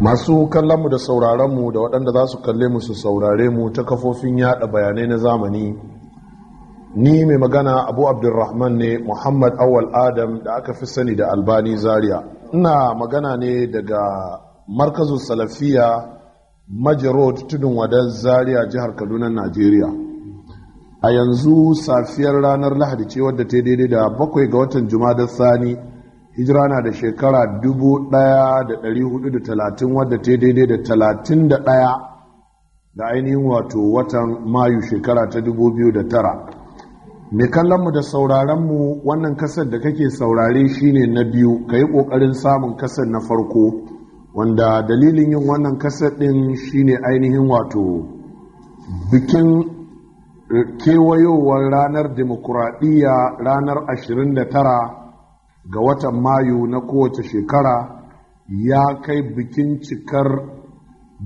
masu kallonmu da sauraronmu da waɗanda za su kalle mu su saurare mu ta kafofin yada bayanai na zamani ni mai magana abu abdulrahman ne muhammad awal adam da aka fi sani da albani zaria ina magana ne daga markazin salafiya majarod tudun wadan zaria jihar kaduna najeriya a yanzu safiyar ranar lahadi ce wadda ta daidai da bakwai ga watan juma'a da sani hijira na da shekara 1430 wadda ta daidai da 31 da ainihin wato watan mayu shekara ta 2009 mai kallonmu da sauraronmu wannan kasar da kake saurare shine na biyu ka yi ƙoƙarin samun kasar na farko wanda dalilin yin wannan kasar ɗin shine ainihin wato bikin kewayowar ranar demokuraɗiyya ranar 29 ga watan mayu na kowace shekara ya kai bikin cikar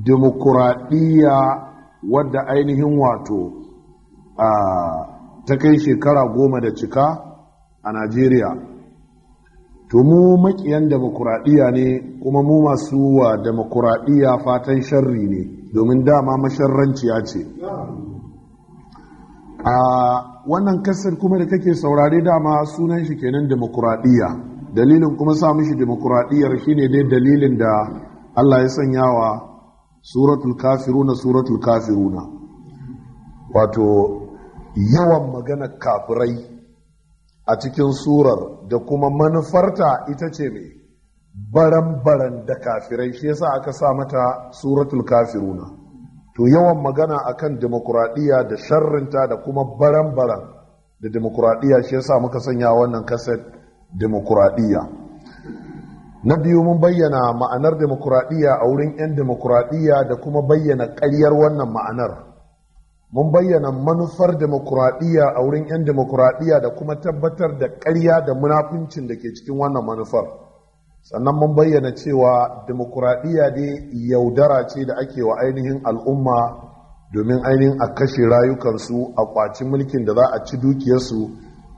demokuraɗiyya wadda ainihin wato ta kai shekara goma da cika a najeriya to mu makiyan demokuraɗiyya ne kuma mu masu wa demokuraɗiyya fatan sharri ne domin dama masharranciya ce a wannan kasar kuma da kake saurare dama sunan shi kenan demokuraɗiyya dalilin kuma sa mishi demokuraɗiyyar shine dai dalilin da Allah ya sanya wa suratul kafiruna suratul kafiruna wato yawan magana kafirai a cikin surar da kuma manufarta ita ce mai baran-baran da kafirai shi yasa aka sa mata suratul kafiruna to yawan magana akan demokuraɗiyya da sharrinta da kuma baran-baran da demokuraɗiyya shi yasa muka sanya wannan kaset demokuraɗiyya na biyu mun bayyana ma'anar demokuraɗiyya a wurin 'yan demokuraɗiyya da kuma bayyana ƙaryar wannan ma'anar mun bayyana manufar demokuraɗiyya a wurin 'yan demokuraɗiyya da kuma tabbatar da ƙarya da munafuncin da ke cikin wannan manufar. sannan mun bayyana cewa demokuraɗiyya ne yaudara ce da ake wa ainihin al'umma domin ainihin a kashe rayukansu a kwaci mulkin da za a ci dukiyarsu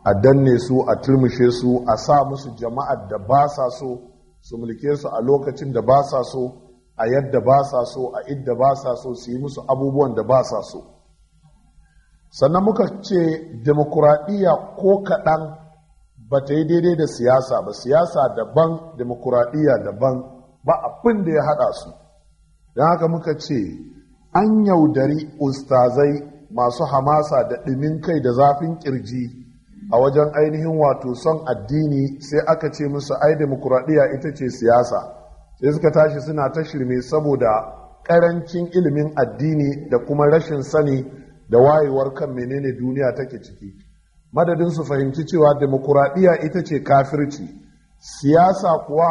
a danne su a turmushe su a sa musu jama'ar da ba sa so su mulke su a lokacin da ba sa so a yadda ba sa so a idda ba sa so su yi musu abubuwan da ba sa so sannan muka ce demokuraɗiyya ko kaɗan ba ta yi daidai da siyasa ba siyasa daban demokuraɗiyya daban ba abin da ya haɗa su don haka muka ce an yaudari ustazai masu hamasa da ɗimin kai da zafin ƙirji a wajen ainihin wato son addini sai aka ce musu ai demokuraɗiyya ita ce siyasa sai suka tashi suna ta shirme saboda ƙarancin ilimin addini da kuma rashin sani da wayewar kan menene duniya take ciki madadin su fahimci cewa demokuraɗiyya ita ce kafirci siyasa kuwa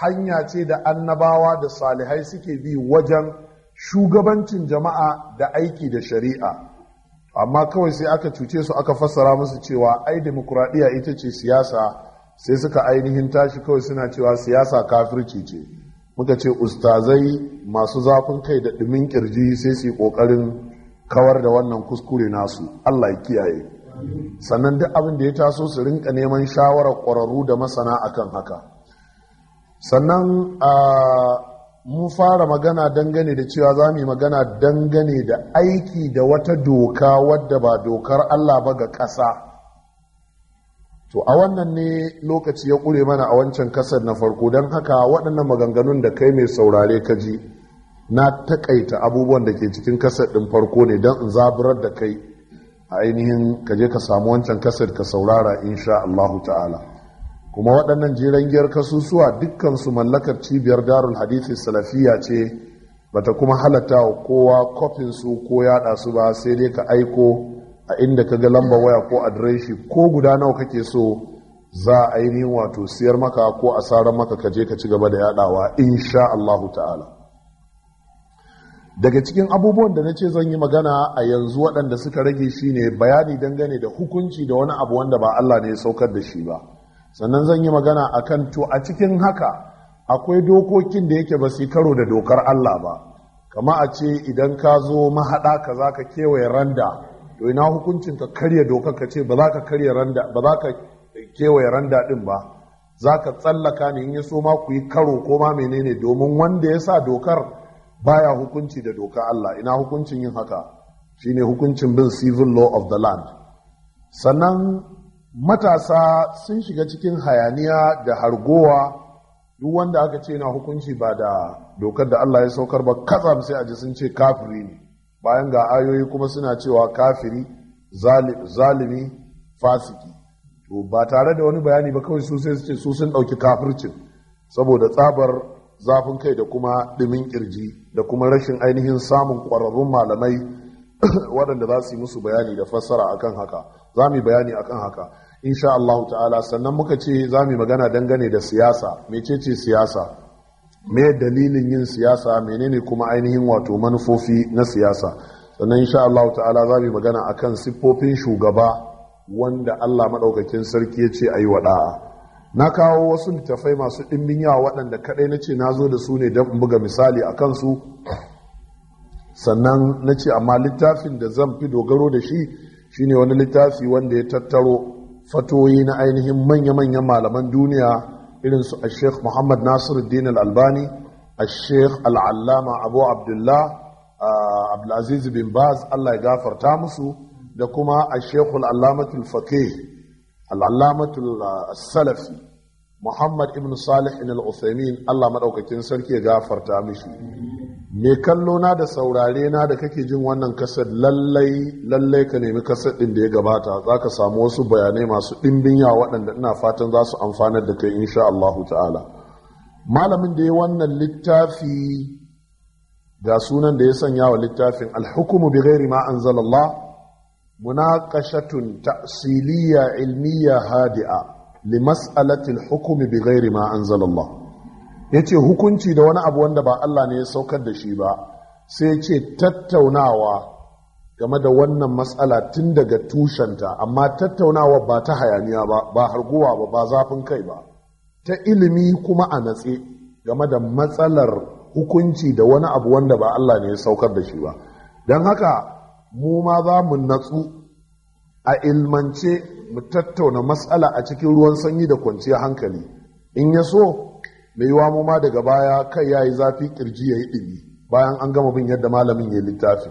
hanya ce da annabawa da salihai suke bi wajen shugabancin jama'a da aiki da shari'a amma kawai sai aka cuce su aka fassara musu cewa ai demokuraɗiyya ita ce siyasa sai suka ainihin tashi kawai suna cewa siyasa kafirci ce muka ce ustazai masu zafin kai da ɗumin ƙirji sai su yi ƙoƙarin kawar da wannan kuskure nasu allah ya kiyaye sannan duk abin da ya taso su rinka neman shawarar ƙwararru da masana akan haka sannan mun fara magana dangane da cewa za mu yi magana dangane da aiki da wata doka wadda ba dokar allah ba ga ƙasa to a wannan ne lokaci ya ƙure mana a wancan ƙasar na farko don haka waɗannan maganganun da kai mai saurare ka ji na taƙaita abubuwan da ke cikin ƙasar ɗin farko ne don in zaburar da kai A ainihin kaje ka samu wancan kasar ka saurara insha Allahu ta'ala kuma waɗannan jiran giyar kasusuwa dukkan su mallakar cibiyar darul hadithi salafiya ce bata kuma halatta wa kowa kofin su ko yaɗa su ba sai dai ka aiko a inda ka ga lamba waya ko adireshi ko guda nawa kake so za a ainihin wato siyar maka ko asarar maka maka kaje ka ci gaba da yaɗawa insha Allahu ta'ala daga cikin abubuwan da na ce zan yi magana a yanzu waɗanda suka rage shi ne, bayani dangane da hukunci da wani abu wanda ba Allah ne ya saukar da shi ba sannan zan yi magana a kan to a cikin haka akwai dokokin da yake ba su karo da dokar Allah ba kama a ce idan ka zo mahaɗa ka za ka kewaye randa to ina hukuncin ka karya dokar ka ce ba za ka karya kewaye randa ɗin ba za ka tsallaka ne in ya so ma ku yi karo ko ma menene domin wanda ya sa dokar baya hukunci da doka Allah ina hukuncin yin haka shine hukuncin bin civil law of the land sannan matasa sun shiga cikin hayaniya da hargowa duk wanda aka ce na hukunci ba da dokar da Allah ya saukar ba kasa sai a ji sun ce kafiri ne bayan ga ayoyi kuma suna cewa kafiri zalimi fasiki to ba tare da wani bayani ba kawai su sai su ce su sun ɗauki kafircin saboda tsabar zafin kai da kuma dimin kirji da kuma rashin ainihin samun ƙwararrun malamai waɗanda za su yi musu bayani da fassara akan haka za mu bayani akan haka insha Allah ta'ala sannan muka ce za mu magana dangane da siyasa mecece siyasa me dalilin yin siyasa menene kuma ainihin wato manufofi na siyasa sannan insha Allah ta'ala za mu magana akan siffofin shugaba wanda Allah maɗaukakin sarki ya ce a yi wa ɗa'a na kawo wasu littafai masu ɗimbin yawa waɗanda kaɗai na ce na zo da su ne don buga misali a kansu sannan na ce amma littafin da zan fi dogaro da shi shine wani littafi wanda ya tattaro fatoyi na ainihin manya-manyan malaman duniya Irinsu su sheikh muhammad nasiruddin al-albani sheikh al'allama abu abdullah abdulaziz bin baz allah ya gafarta musu da kuma sheikh al'allama Tulfake. al'allamatul uh, salafi muhammad ibn salih al-uthaymin allah maɗaukakin sarki ya gafarta mishi Me kallo na da saurare na da kake jin wannan kasar lallai lallai ka nemi kasar ɗin da ya gabata za ka samu wasu bayanai masu ɗimbin yawa waɗanda ina fatan za su amfanar da kai insha Allah. ta'ala malamin da ya wannan littafi ga sunan da ya sanya wa littafin alhukumu bi ghairi ma anzalallah munaqashatun ta'siliyya ilmiya hadi'a li masalatil al bi bighairi ma anzala Allah yace hukunci da wani abu wanda ba Allah ne ya saukar da shi ba sai yace tattaunawa game da wannan matsala tun daga tushenta amma tattaunawa ba ta hayaniya ba ba harguwa ba ba zafin kai ba ta ilimi kuma a natse game da matsalar hukunci da wani abu wanda ba Allah ne ya saukar da shi ba don haka mu ma za mu natsu a ilmance mu tattauna matsala a cikin ruwan sanyi da kwanciya hankali in ya so mai yiwa mu ma daga baya kai ya yi zafi kirji ya yi ɗimi bayan an gama bin yadda malamin ya yi littafi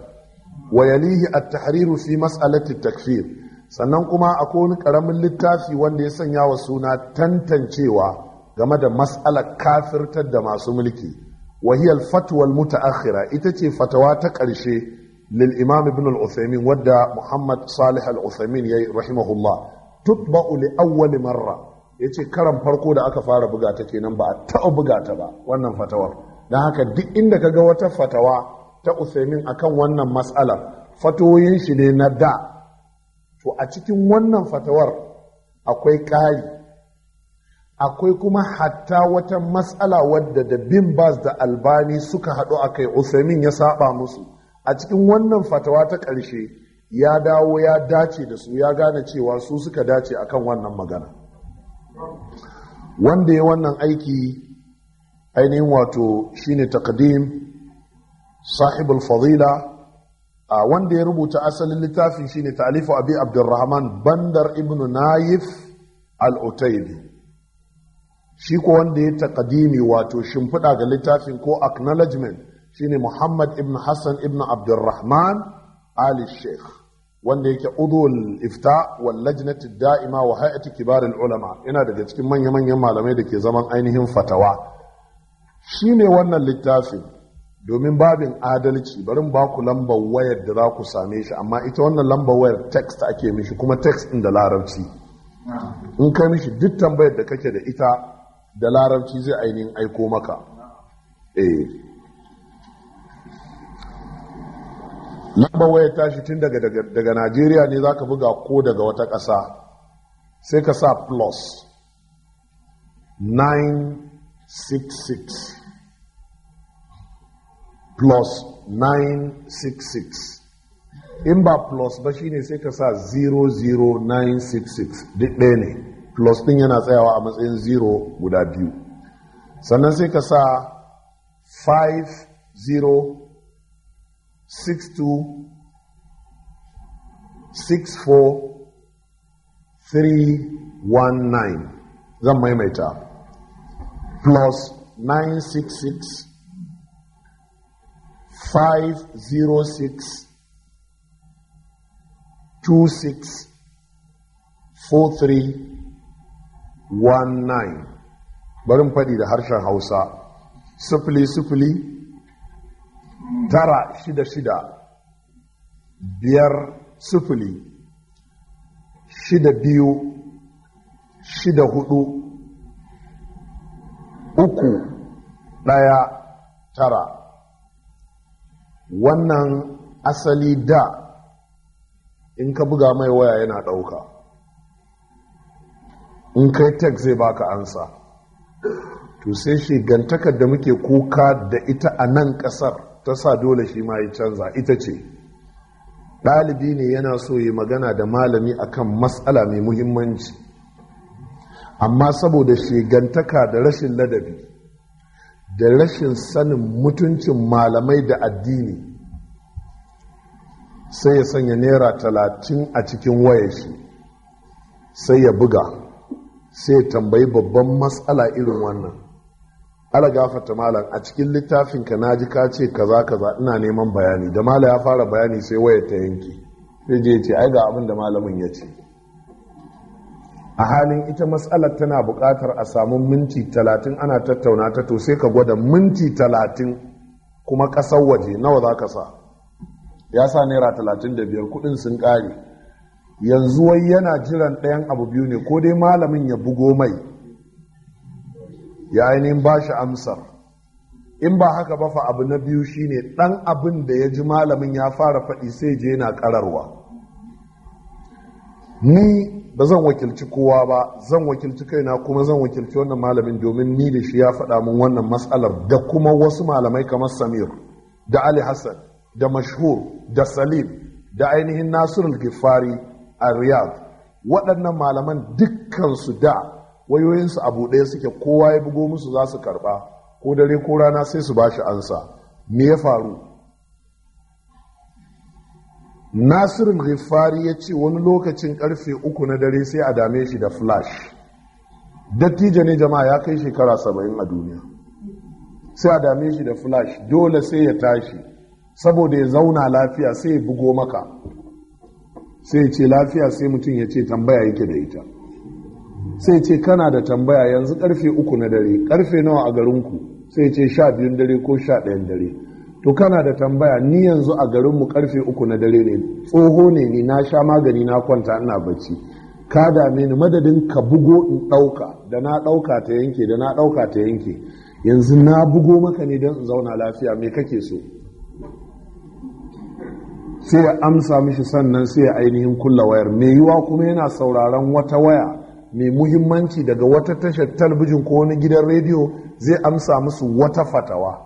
wa yalihi at-tahriru fi mas'alati takfir sannan kuma akwai wani karamin littafi wanda ya sanya wa suna tantancewa game da mas'alar kafirtar da masu mulki Wahiyar hiya al-fatwa al ita ce fatawa ta ƙarshe lil imam ibn wadda muhammad salih al-uthaymin yayi rahimahullah tutba'u li awwal marra yace karan farko da aka fara buga ta kenan ba a taɓa buga ta ba wannan fatawar dan haka duk inda kaga wata fatawa ta uthaymin akan wannan mas'alar fatoyin shi ne na da to a cikin wannan fatawar akwai ƙari akwai kuma hatta wata matsala wadda da bin bas da albani suka haɗu a kai usamin ya saɓa musu a cikin wannan fatawa ta ƙarshe ya dawo ya dace da su ya gane cewa su suka dace a kan wannan magana wanda ya wannan aiki ainihin wato shine Takadim, sahibul fadila a wanda ya rubuta asalin littafin shine talifu abi abdurrahman bandar ibnu naif al otaibi shi ko wanda ya takadimi wato shimfiɗa ga littafin ko acknowledgement shine Muhammad ibn Hassan ibn Abdurrahman Ali Sheikh wanda yake udul ifta wal lajnati da'ima wa hay'ati kibar ulama ina daga cikin manya manyan malamai da ke zaman ainihin fatawa shine wannan littafin domin babin adalci barin ba ku lambar wayar da za ku same shi amma ita wannan lambar wayar text ake mishi kuma text din da larabci in ka mishi duk tambayar da kake da ita da larabci zai ainihin aiko maka eh lamba waya tashi tun daga daga najeriya ne za ka buga ko daga wata ƙasa sai ka sa plus 966 plus 966 in ba plus ba shine sai ka sa 00966 duk ɗaya ne plus ɗin yana tsayawa a matsayin 0 guda biyu sannan sai ka sa 50 six two six four three one nine zan maimaita plus nine six six five zero six two six four three one nine bari faɗi da harshen hausa sifili sifili tara shida shida biyar sufuli shida biyu shida hudu uku ɗaya tara wannan asali da in ka buga mai waya yana ɗauka in kai tek zai baka ansa to sai gantakar da muke kuka da ita a nan ƙasar ta sa dole shi ma ya canza ita ce ɗalibi ne yana so ya magana da malami akan matsala mai muhimmanci amma saboda shigantaka da rashin ladabi da rashin sanin mutuncin malamai da addini sai ya sanya naira talatin a cikin wayar shi sai ya buga sai ya tambayi babban matsala irin wannan ala gafarta malam a cikin littafin ka naji ka ce kaza kaza ina neman bayani da malam ya fara bayani sai wayar ta yanke sai je ce ai ga abin da malamin ya ce a halin ita matsalar tana buƙatar a samu minti talatin ana tattauna ta to sai ka gwada minti talatin kuma ƙasar waje nawa za ka sa ya sa naira talatin da biyar kuɗin sun ƙare yanzu wai yana jiran ɗayan abu biyu ne ko dai malamin ya bugo mai ya ainihin ba shi amsar in ba haka ba fa abu na biyu shine ɗan abin da ya ji malamin ya fara faɗi sai je na ƙararwa ni ba zan wakilci kowa ba zan wakilci kai na kuma zan wakilci wannan malamin domin ni da shi ya faɗa min wannan matsalar da kuma wasu malamai kamar samir da ali hassan da mashhur da salim da ainihin nasirul gifari a riyadh waɗannan malaman dukkansu da wayoyinsu abu ɗaya suke kowa ya bugo musu za su karɓa ko dare ko rana sai su ba shi ansa me ya faru nasirin rifari ya ce wani lokacin karfe uku na dare sai a dame shi da flash dattijo ne jama'a ya kai shekara saba'in a duniya sai a dame shi da flash dole sai ya tashi saboda ya zauna lafiya sai ya bugo maka sai ya ce lafiya sai mutum ya ce tambaya yake da ita sai ce kana da tambaya yanzu karfe uku na dare karfe nawa a garinku sai ce sha biyun dare ko sha ɗayan dare to kana da tambaya ni yanzu a garinmu karfe uku na dare ne tsoho ne ni na sha magani na kwanta ina bacci ka dame ni madadin ka bugo in ɗauka da na ɗauka ta yanke da na ɗauka ta yanke yanzu na bugo maka ne don in zauna lafiya me kake so sai ya amsa mishi sannan sai ya ainihin kulla wayar mai yiwa kuma yana sauraron wata waya mai muhimmanci daga wata tashar talbijin ko wani gidan rediyo zai amsa musu wata fatawa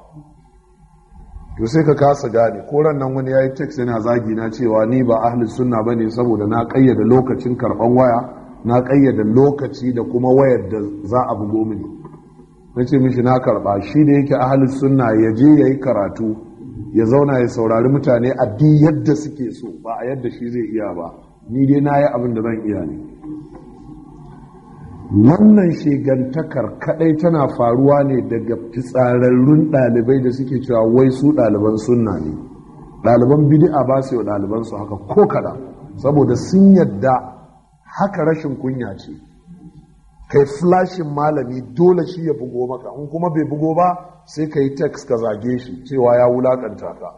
to sai ka kasa gane ko ran nan wani ya yi text yana zagi na cewa ni ba ahli sunna bane saboda na kayyade lokacin karban waya na kayyade lokaci da kuma wayar da za a bugo mini nace mishi na karba shi da yake ahli sunna ya je yayi karatu ya zauna ya saurari mutane a yadda suke so ba a yadda shi zai iya ba ni dai na yi abin da zan iya ne wannan shigantakar kadai tana faruwa ne daga fitsararrun ɗalibai da suke cewa wai su ɗaliban sunna ne ɗaliban bidi'a ba su yi wa su haka ko kada saboda sun yadda haka rashin kunya ce kai flashin malami dole shi ya bugo maka in kuma bai bugo ba sai ka yi text ka zage shi cewa ya wulaƙanta ka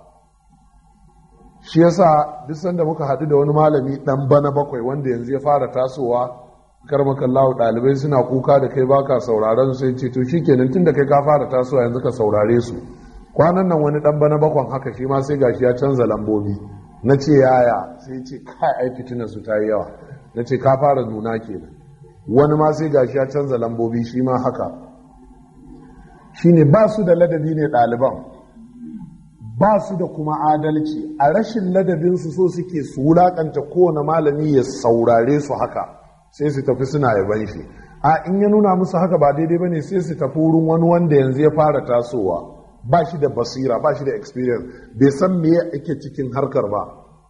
shi yasa duk sanda muka haɗu da wani malami ɗan bana bakwai wanda yanzu ya fara tasowa lawo ɗalibai suna kuka da kai baka sauraron sai ce to shikenan da kai ka fara tasowa yanzu ka saurare su kwanan nan wani dan bana bakon haka shi ma sai gashi ya canza lambobi na ce yaya sai ce kai ai fitinar su tayi yawa na ce ka fara nuna kenan wani ma sai gashi ya canza lambobi shi ma haka shine ba su da ladabi ne ɗaliban ba su da kuma adalci a rashin ladabinsu so suke su wulakanta kowane malami ya saurare su haka sai su tafi suna yaban shi a in ya nuna musu haka ba daidai bane sai su tafi wurin wani wanda yanzu ya fara tasowa ba shi da basira ba shi da experience bai san me ya ake cikin harkar ba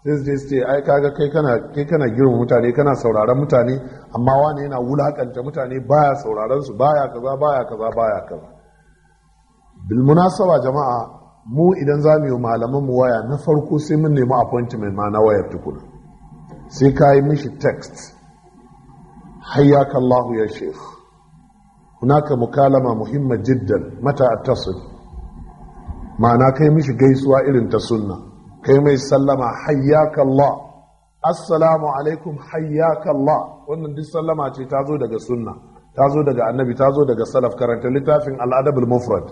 sai su ce ai kaga kai kana kai kana girma mutane kana sauraron mutane amma wani yana wulakanta mutane baya sauraron su baya kaza baya kaza baya kaza bil munasaba jama'a mu idan za mu yi malaman mu waya na farko sai mun nemi appointment ma na wayar tukuna sai ka yi mishi text حياك الله يا شيخ هناك مكالمة مهمة جدا متى أتصل معناه كي مش جيسوا إلين تسنة كي ما يسلم حياك الله السلام عليكم حياك الله wannan duk sallama ce ta zo daga sunna ta zo daga annabi ta zo daga salaf karanta littafin al'adabul mufrad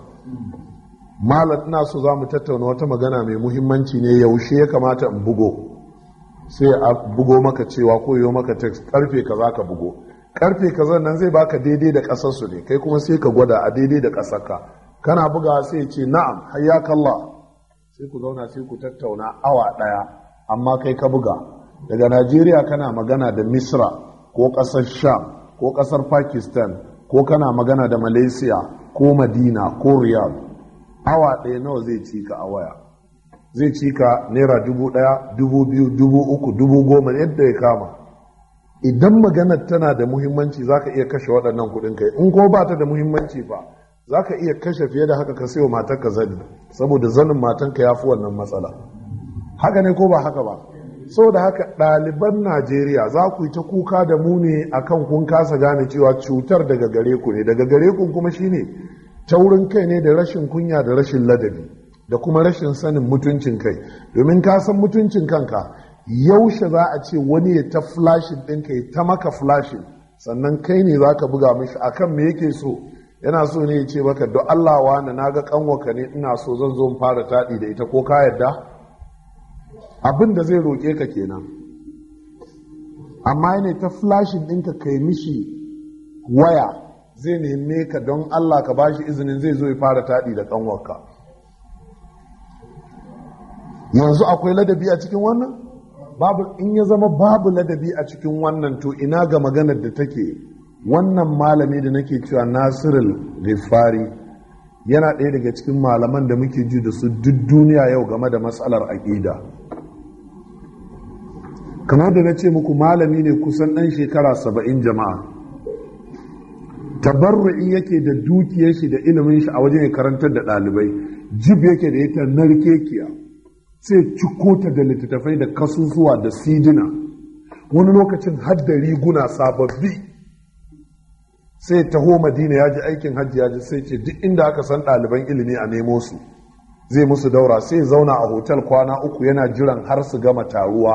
Malam ina so za mu tattauna wata magana mai muhimmanci ne yaushe ya kamata in bugo sai a bugo maka cewa ko yiwo maka text karfe ka za ka bugo karfe kaza nan zai baka daidai da ƙasarsu ne kai kuma sai ka gwada a daidai da kasarka kana buga sai ce na'am kalla sai ku zauna sai ku tattauna awa ɗaya amma kai ka buga daga Najeriya kana magana da Misra ko ƙasar Sham ko ƙasar Pakistan ko kana magana da Malaysia ko Madina ko Riyadh awa ɗaya nawa zai ci ka a waya zai ci ka naira dubu ɗaya dubu biyu dubu uku dubu goma yadda ya kama idan maganar tana da muhimmanci za ka iya kashe waɗannan kuɗin kai in ko ba ta da muhimmanci ba za ka iya kashe fiye da haka ka sayo matarka zani saboda zanin matanka ya fi wannan matsala haka ne ko ba haka ba saboda haka ɗaliban najeriya za ku yi ta kuka da mu ne akan kun kasa gane cewa cutar daga gare ku ne daga gare ku kuma shine taurin kai ne da rashin kunya da rashin ladabi da kuma rashin sanin mutuncin kai domin ka san mutuncin kanka yaushe za a ce wani ya ta flashin ɗinka kai ta maka flashin sannan kai ne za ka buga mishi kan me yake so yana so ne ya ce maka don Allah wani na ga kanwaka ne ina so zan zo fara taɗi da ita ko ka yarda abin da zai roƙe ka kenan amma ne ta flashin ɗinka kai mishi waya zai neme ka don Allah ka bashi izinin zai zo ya fara taɗi da kanwarka yanzu akwai ladabi a cikin wannan babu in ya zama babu ladabi a cikin wannan to ina ga maganar da take wannan malami da nake cewa nasirul rifari yana ɗaya daga cikin malaman da muke ji da su duk duniya yau game da matsalar aƙida kamar da na ce muku malami ne kusan ɗan shekara saba'in jama'a in yake da dukiyar shi da ilimin shi a wajen ya karantar da ɗalibai jib yake da ita narkekiya sai ciko ta da littattafai da kasusuwa da sidina wani lokacin da riguna sababbi sai taho madina ya ji aikin hajji ya ji sai ce duk inda aka san ɗaliban ilimi a nemo su zai musu daura sai zauna a hotel kwana uku yana jiran har su gama taruwa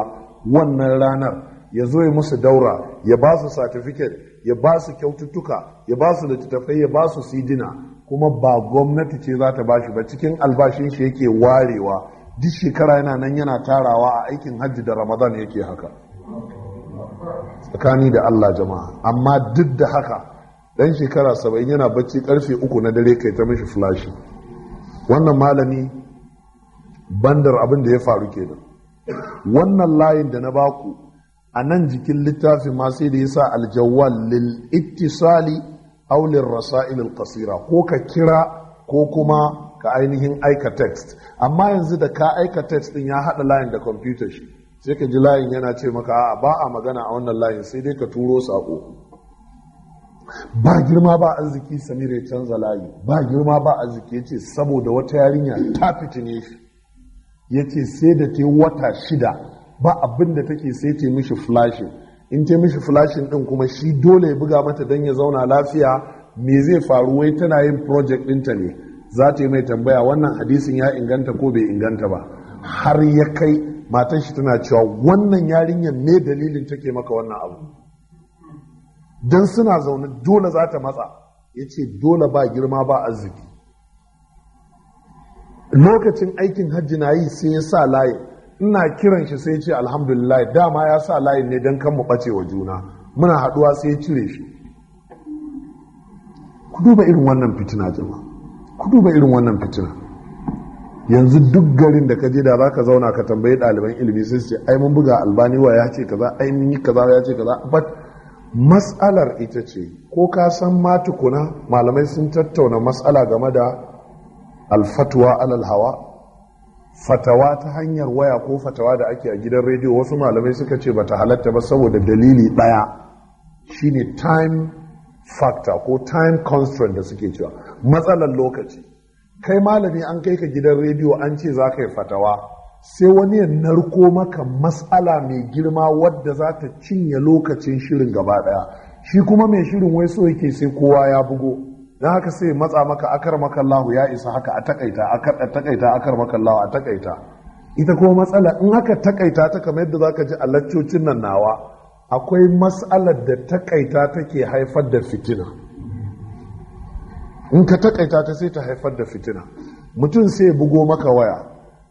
wannan ranar ya zo ya musu daura ya ba su satifiket ya ba su kyaututtuka ya ba su littattafai ya ba su sidina kuma ba gwamnati ce za ta shi ba cikin albashin shi yake warewa duk shekara yana nan yana tarawa a aikin hajji da ramadan yake haka tsakani da allah jama'a amma duk da haka dan shekara saba'in yana bacci karfe uku na dare kai ta mishi flashi wannan malami bandar abin da ya faru kenan wannan layin da na baku a nan jikin littafin ma sai da ya sa aljawal lil ittisali aulin lil rasa'il qasira ko ka kira ko kuma ka ainihin aika text amma yanzu da ka aika text din ya haɗa layin da kwamfuta shi sai ka ji layin yana ce maka a'a ba a magana a wannan layin sai dai ka turo saƙo ba girma ba arziki samir ya canza layi ba girma ba arziki ya ce saboda wata yarinya ta fitine shi ya ce sai da ta wata shida ba abin da take sai ta mishi flashing in ta mishi flashing din kuma shi dole ya buga mata don ya zauna lafiya me zai faru wai tana yin project ɗinta ne za ta yi mai tambaya wannan hadisin ya inganta ko bai inganta ba har ya kai matan shi tana cewa wannan yarinyar ne dalilin take maka wannan abu don suna zaune dole za ta matsa ya ce dole ba girma ba arziki lokacin aikin hajji na yi sai ya sa layi ina kiran shi sai ce alhamdulillah dama ya sa layi ne don kan mu bace wa juna muna haɗuwa sai ya cire shi ku duba irin wannan fitina jama'a kudu ba irin wannan fitina yanzu duk garin da ka je da zaka zauna ka tambayi ɗaliban ilimi sai su ce ai mun buga albani wa ya ce kaza ai mun yi kaza ya ce kaza but matsalar ita ce ko ka san ma malamai sun tattauna matsala game da alfatuwa alal hawa fatawa ta hanyar waya ko fatawa da ake a gidan rediyo wasu malamai suka ce bata halatta ba saboda dalili ɗaya shine time factor ko time constraint da suke cewa matsalar lokaci kai malami an kai ka gidan rediyo an ce za ka yi fatawa sai wani ya narko maka matsala mai girma wadda za ta cinye lokacin shirin gaba daya shi kuma mai shirin wai so yake sai kowa ya bugo don haka sai matsa maka akar Lahu ya isa haka a takaita a takaita akar lahu a takaita ita kuma matsala in haka takaita ta kamar yadda zaka ji a laccocin nan nawa akwai matsalar da takaita take haifar da fitina in ka takaita ta sai ta haifar da fitina mutum sai bugo maka waya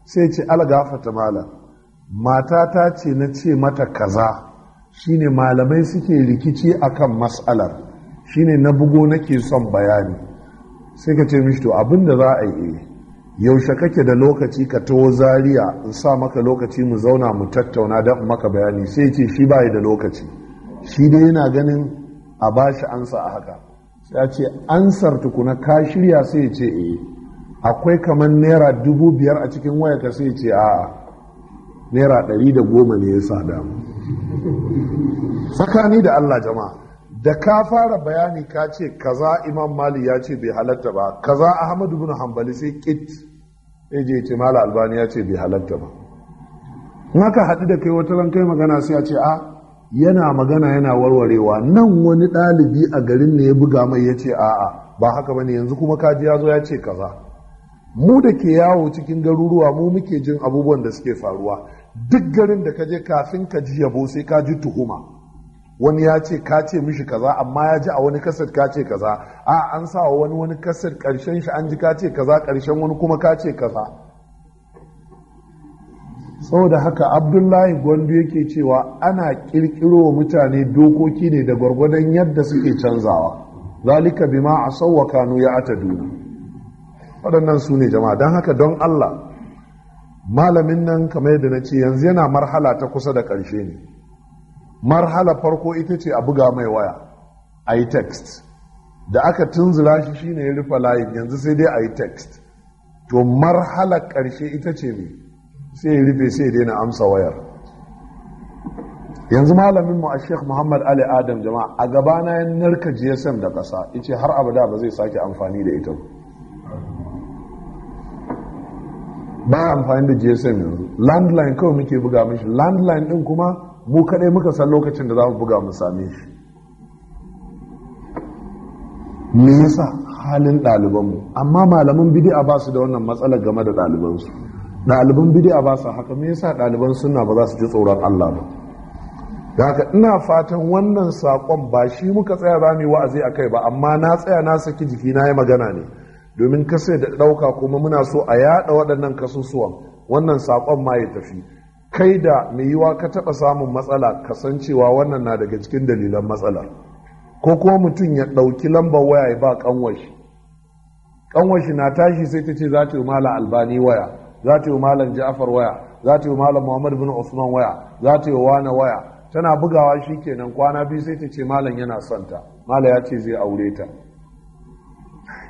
sai ce algafata malam matata ce na ce mata kaza shine malamai suke rikici akan matsalar shine na bugo nake son bayani sai ka ce mishi to abin da za a yi eh, yaushe kake da lokaci ka taho zaria in sa maka lokaci mu zauna mu tattauna don maka bayani sai ce shi bayi da lokaci shi dai yana ganin a bashi ansa a haka ya ce ansar tukuna ka shirya sai ce e, akwai kamar naira dubu biyar a cikin waya ka sai ce a naira ɗari da goma ne ya sa damu tsakani da allah jama'a da ka fara bayani ka ce kaza imam mali ya ce bai halatta ba kaza ahmadu bin hambali sai kit ya je ce mala albani ya ce bai halatta ba in haɗu da kai wata ran kai magana sai ya ce a yana magana yana warwarewa nan wani ɗalibi a garin ne ya buga mai ya ce a'a ba haka bane yanzu kuma kaji ya zo ya ce kaza mu da ke yawo cikin garuruwa mu muke jin abubuwan da suke faruwa duk garin da kaje kafin ka ji yabo sai ka ji tuhuma wani ya ce ka ce mishi kaza amma ya ji a wani kasar ka ce kaza a an sa wani wani kasar karshen shi an ji ka ce kaza karshen wani kuma ka ce kaza saboda haka abdullahi gwandu yake cewa ana kirkiro wa mutane dokoki ne da gwargwadon yadda suke canzawa zalika ma a sauwa kanu ya ata duna waɗannan su ne jama'a don haka don allah malamin nan kamar yadda na ce yanzu yana marhala ta kusa da ƙarshe ne marhala farko ita ce a buga mai waya a yi text da aka tunzula shi shine ya rufe layin yanzu sai dai a yi text to marhala ƙarshe ita ce mai sai ya rufe sai ya daina amsa wayar yanzu malaminmu a sheikh muhammad ali adam jama'a a gabana ya narka gsm da ƙasa ice har abada ba zai sake amfani da ita ba amfani da gsm yanzu landline kawai muke buga mishi landline din kuma mu kadai muka san lokacin da za mu buga mu same shi me yasa halin ɗalibanmu amma malaman bidi'a ba su da wannan matsalar game da ɗalibansu ɗaliban bidiya a su haka me yasa ɗaliban suna ba za su ji tsoron Allah ba da haka ina fatan wannan saƙon ba shi muka tsaya za mu yi wa'azi a kai ba amma na tsaya na saki jiki na yi magana ne domin kasai da ɗauka kuma muna so a yaɗa waɗannan kasusuwan wannan saƙon ma ya tafi kai da mai yiwa ka taɓa samun matsala kasancewa wannan na daga cikin dalilan matsala ko kuma mutum ya ɗauki lambar waya ya ba ƙanwashi ƙanwashi na tashi sai ta ce za ta yi mala albani waya za ta yi wa malam ja'far waya za ta yi wa malam muhammad bin usman waya za ta yi wani waya tana bugawa shi kenan kwana biyu sai ta ce malam yana son ta malam ya ce zai aure ta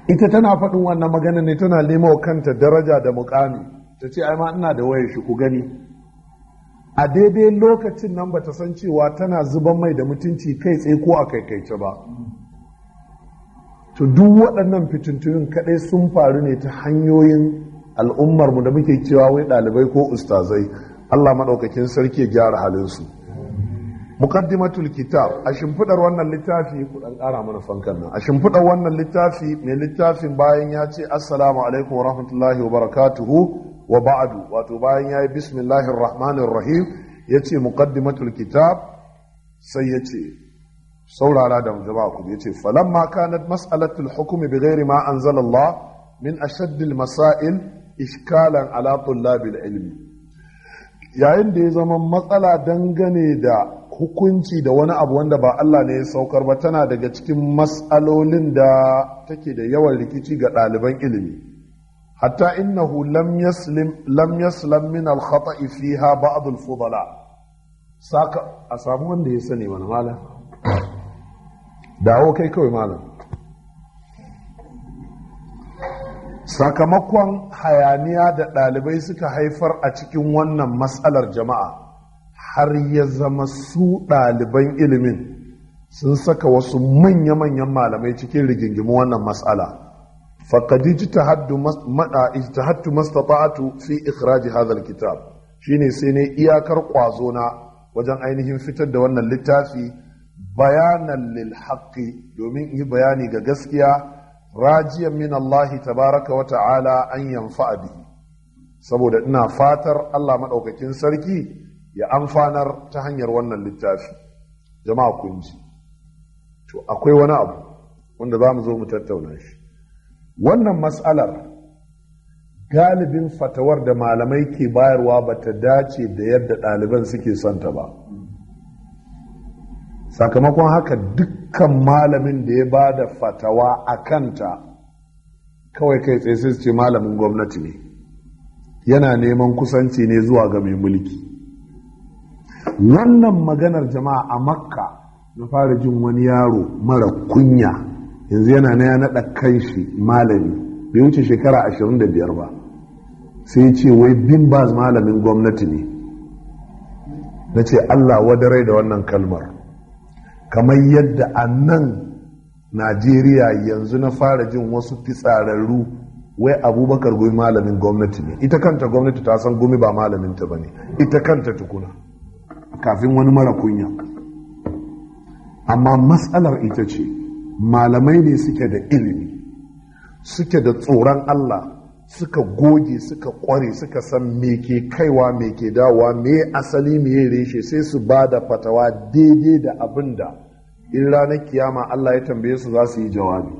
ita tana faɗin wannan magana ne tana nemo kanta daraja da mukami ta ce ai ma ina da wayar shi ku gani a daidai lokacin nan bata san cewa tana zuban mai da mutunci kai tsaye ko a kaikaice ba to duk waɗannan fitintunin kaɗai sun faru ne ta hanyoyin al'ummar mu da muke cewa wai dalibai ko ustazai Allah maɗaukakin sarki ya gyara halinsu muqaddimatul kitab a shimfidar wannan littafi ku dan ƙara mana fankan nan a shimfidar wannan littafi mai littafin bayan ya ce assalamu alaikum wa rahmatullahi wa barakatuhu wa ba'du wato bayan ya yi bismillahir rahmanir rahim ya ce muqaddimatul kitab sai ya ce saurara da jama'a ku yace falamma kanat mas'alatul hukmi bighairi ma anzalallah min ashaddil masail iskalan ala tullabil ilmi yayin da ya zama matsala dangane da hukunci da wani abu wanda ba Allah ne ya saukar ba tana daga cikin matsalolin da take da yawan rikici ga ɗaliban ilimi hatta innahu lam lam yaslam min al khata'i fiha ba'd fudala saka a samu wanda ya sani mana malam dawo kai kawai malam sakamakon hayaniya da ɗalibai suka haifar a cikin wannan matsalar jama'a har ya zama su ɗaliban ilimin sun saka wasu manya-manyan malamai cikin rigingimu wannan matsala faƙadi ijtahattu mastata'atu fi ikhraji hadhal kitab shine sai ne iyakar na wajen ainihin fitar da wannan littafi bayanan lil domin yi bayani ga gaskiya rajiyan min Allah tabaraka wa ta'ala an yanfa'a bihi saboda ina fatar Allah maɗaukakin sarki ya amfanar ta hanyar wannan littafi jama'a kun to akwai wani abu wanda za mu zo mu tattauna shi wannan matsalar galibin fatawar da malamai ke bayarwa ba ta dace da yadda ɗaliban suke son ta ba sakamakon haka duk dukkan malamin da ya ba da fatawa a kanta kawai kai tsaye sai ce malamin gwamnati ne yana neman kusanci ne zuwa ga mai mulki wannan maganar jama'a a makka na fara jin wani yaro mara kunya yanzu yana na ya naɗa kan shi malami bai wuce shekara 25 ba sai ce wai bin ba malamin gwamnati ne na ce allah wadarai da wannan kalmar kamar yadda a nan najeriya yanzu na fara jin wasu fitsararru wai abubakar gumi malamin gwamnati ne ita kanta gwamnati ta san gumi ba malaminta ba ne ita kanta tukuna kafin wani mara kunya amma matsalar ita ce malamai ne suke da ilimi suke da tsoron allah suka goge suka kware suka san me ke kaiwa me ke dawowa me asali me reshe sai su ba da fatawa daidai da abin da in ranar kiyama Allah ya tambaye su za su yi jawabi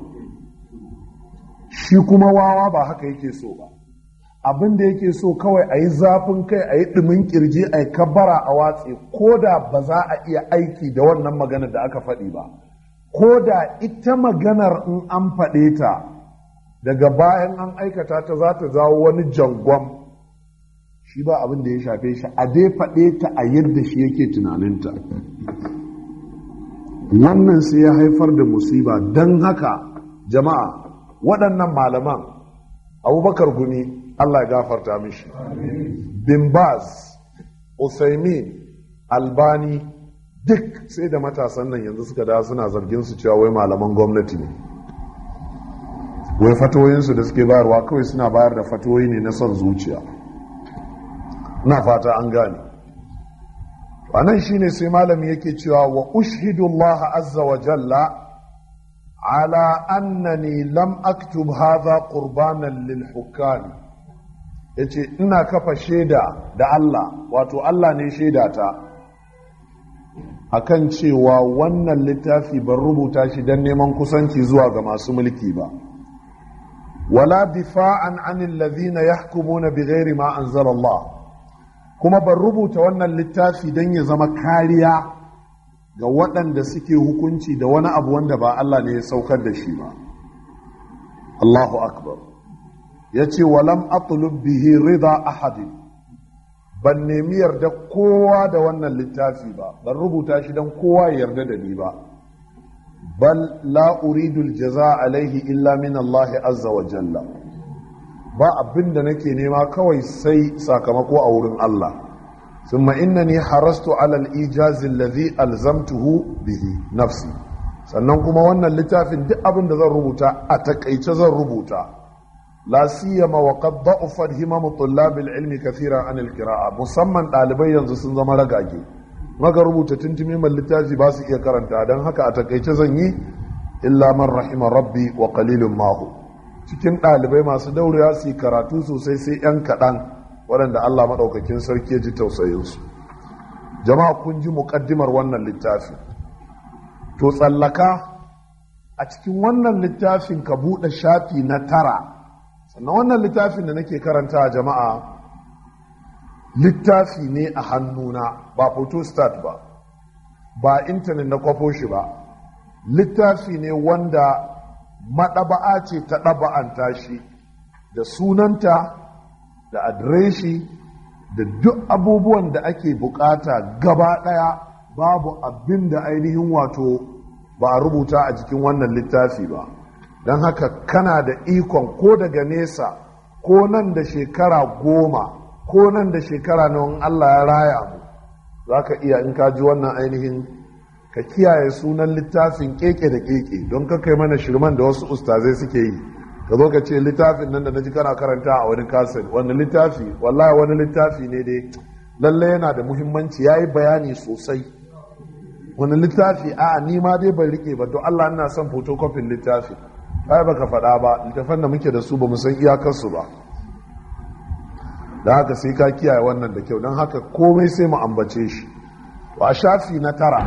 shi kuma wawa ba haka yake so ba abin da yake so kawai a yi zafin kai a yi ɗumin kirji a yi kabara a watse ko da ba za a iya aiki da wannan magana da aka faɗi ba ko da ita maganar in an faɗe ta daga bayan an aikata ta za ta zawo wani jangon shi ba abin da ya shafe shi a dai faɗe ta a yadda shi yake tunaninta wannan sai ya haifar da musiba don haka jama'a waɗannan malaman abubakar gumi allah ya gafarta mishi bimbas baz albani duk sai da matasan nan yanzu suka da suna zargin su cewa wai malaman gwamnati ne wai fatoyinsu da suke bayarwa kawai suna bayar da fatoyi ne na son zuciya na fata an gane a nan shine sai malami yake cewa wa ushidu Allah azza wa jalla ala annani lam aktub hadha qurbanan lil hukami yace ina kafa shaida da Allah wato Allah ne shaida ta akan cewa wannan littafi ban rubuta shi don neman kusanci zuwa ga masu mulki ba wala difa'an anil ladhina na bighairi ma anzala kuma ban rubuta wannan littafi don ya zama kariya ga waɗanda suke hukunci da wani abu wanda ba Allah ne ya saukar da shi ba Allahu akbar ya ce walam atlub bihi rida ahadi. ban nemi yarda kowa da wannan littafi ba ban rubuta shi don kowa ya yarda da ni ba bal la uridu alaihi illa minallahi Allah azza wa jalla ba abin da nake nema kawai sai sakamako a wurin Allah thumma innani harastu alal ijazi lazi alzamtuhu bihi nafsi sannan kuma wannan littafin duk abin da zan rubuta a takaice zan rubuta la siyama wa qad da'afa himamu tullab ilmi kathiran an al musamman dalibai yanzu sun zama ragage maka rubuta tuntumiman littafi ba su iya karanta don haka a takaice zan yi illa man rahima rabbi wa qalilun mahu cikin ɗalibai masu daurewa su karatu sosai sai 'yan kaɗan waɗanda Allah maɗaukakin sarki ya ji tausayinsu jama'a kun ji muƙaddimar wannan littafi to tsallaka a cikin wannan littafin ka buɗe shafi na tara sannan wannan littafin da nake karanta jama'a littafi ne a hannuna ba photostat ba ba intanet na kwafo shi ba littafi ne wanda maɗaba'a ce ta ɗaba'anta shi da sunanta da adireshi da duk abubuwan da ake buƙata gaba ɗaya babu abin da ainihin wato ba a rubuta a jikin wannan littafi ba don haka kana da ikon ko daga nesa ko nan da shekara goma ko nan da shekara wani Allah ya raya mu za ka iya in ka ji wannan ainihin ka kiyaye sunan littafin keke da keke don ka kai mana shirman da wasu ustazai suke yi ka zo ka ce littafin nan da na ji kana karanta a wani kasin wani littafi wallahi wani littafi ne dai lalle yana da muhimmanci ya yi bayani sosai wani littafi a ni ma dai bai rike ba don allah ina son fotokofin littafi ai baka faɗa ba littafan da muke da su ba mu san iyakarsu ba da haka sai ka kiyaye wannan da kyau don haka komai sai mu ambace shi wa shafi na tara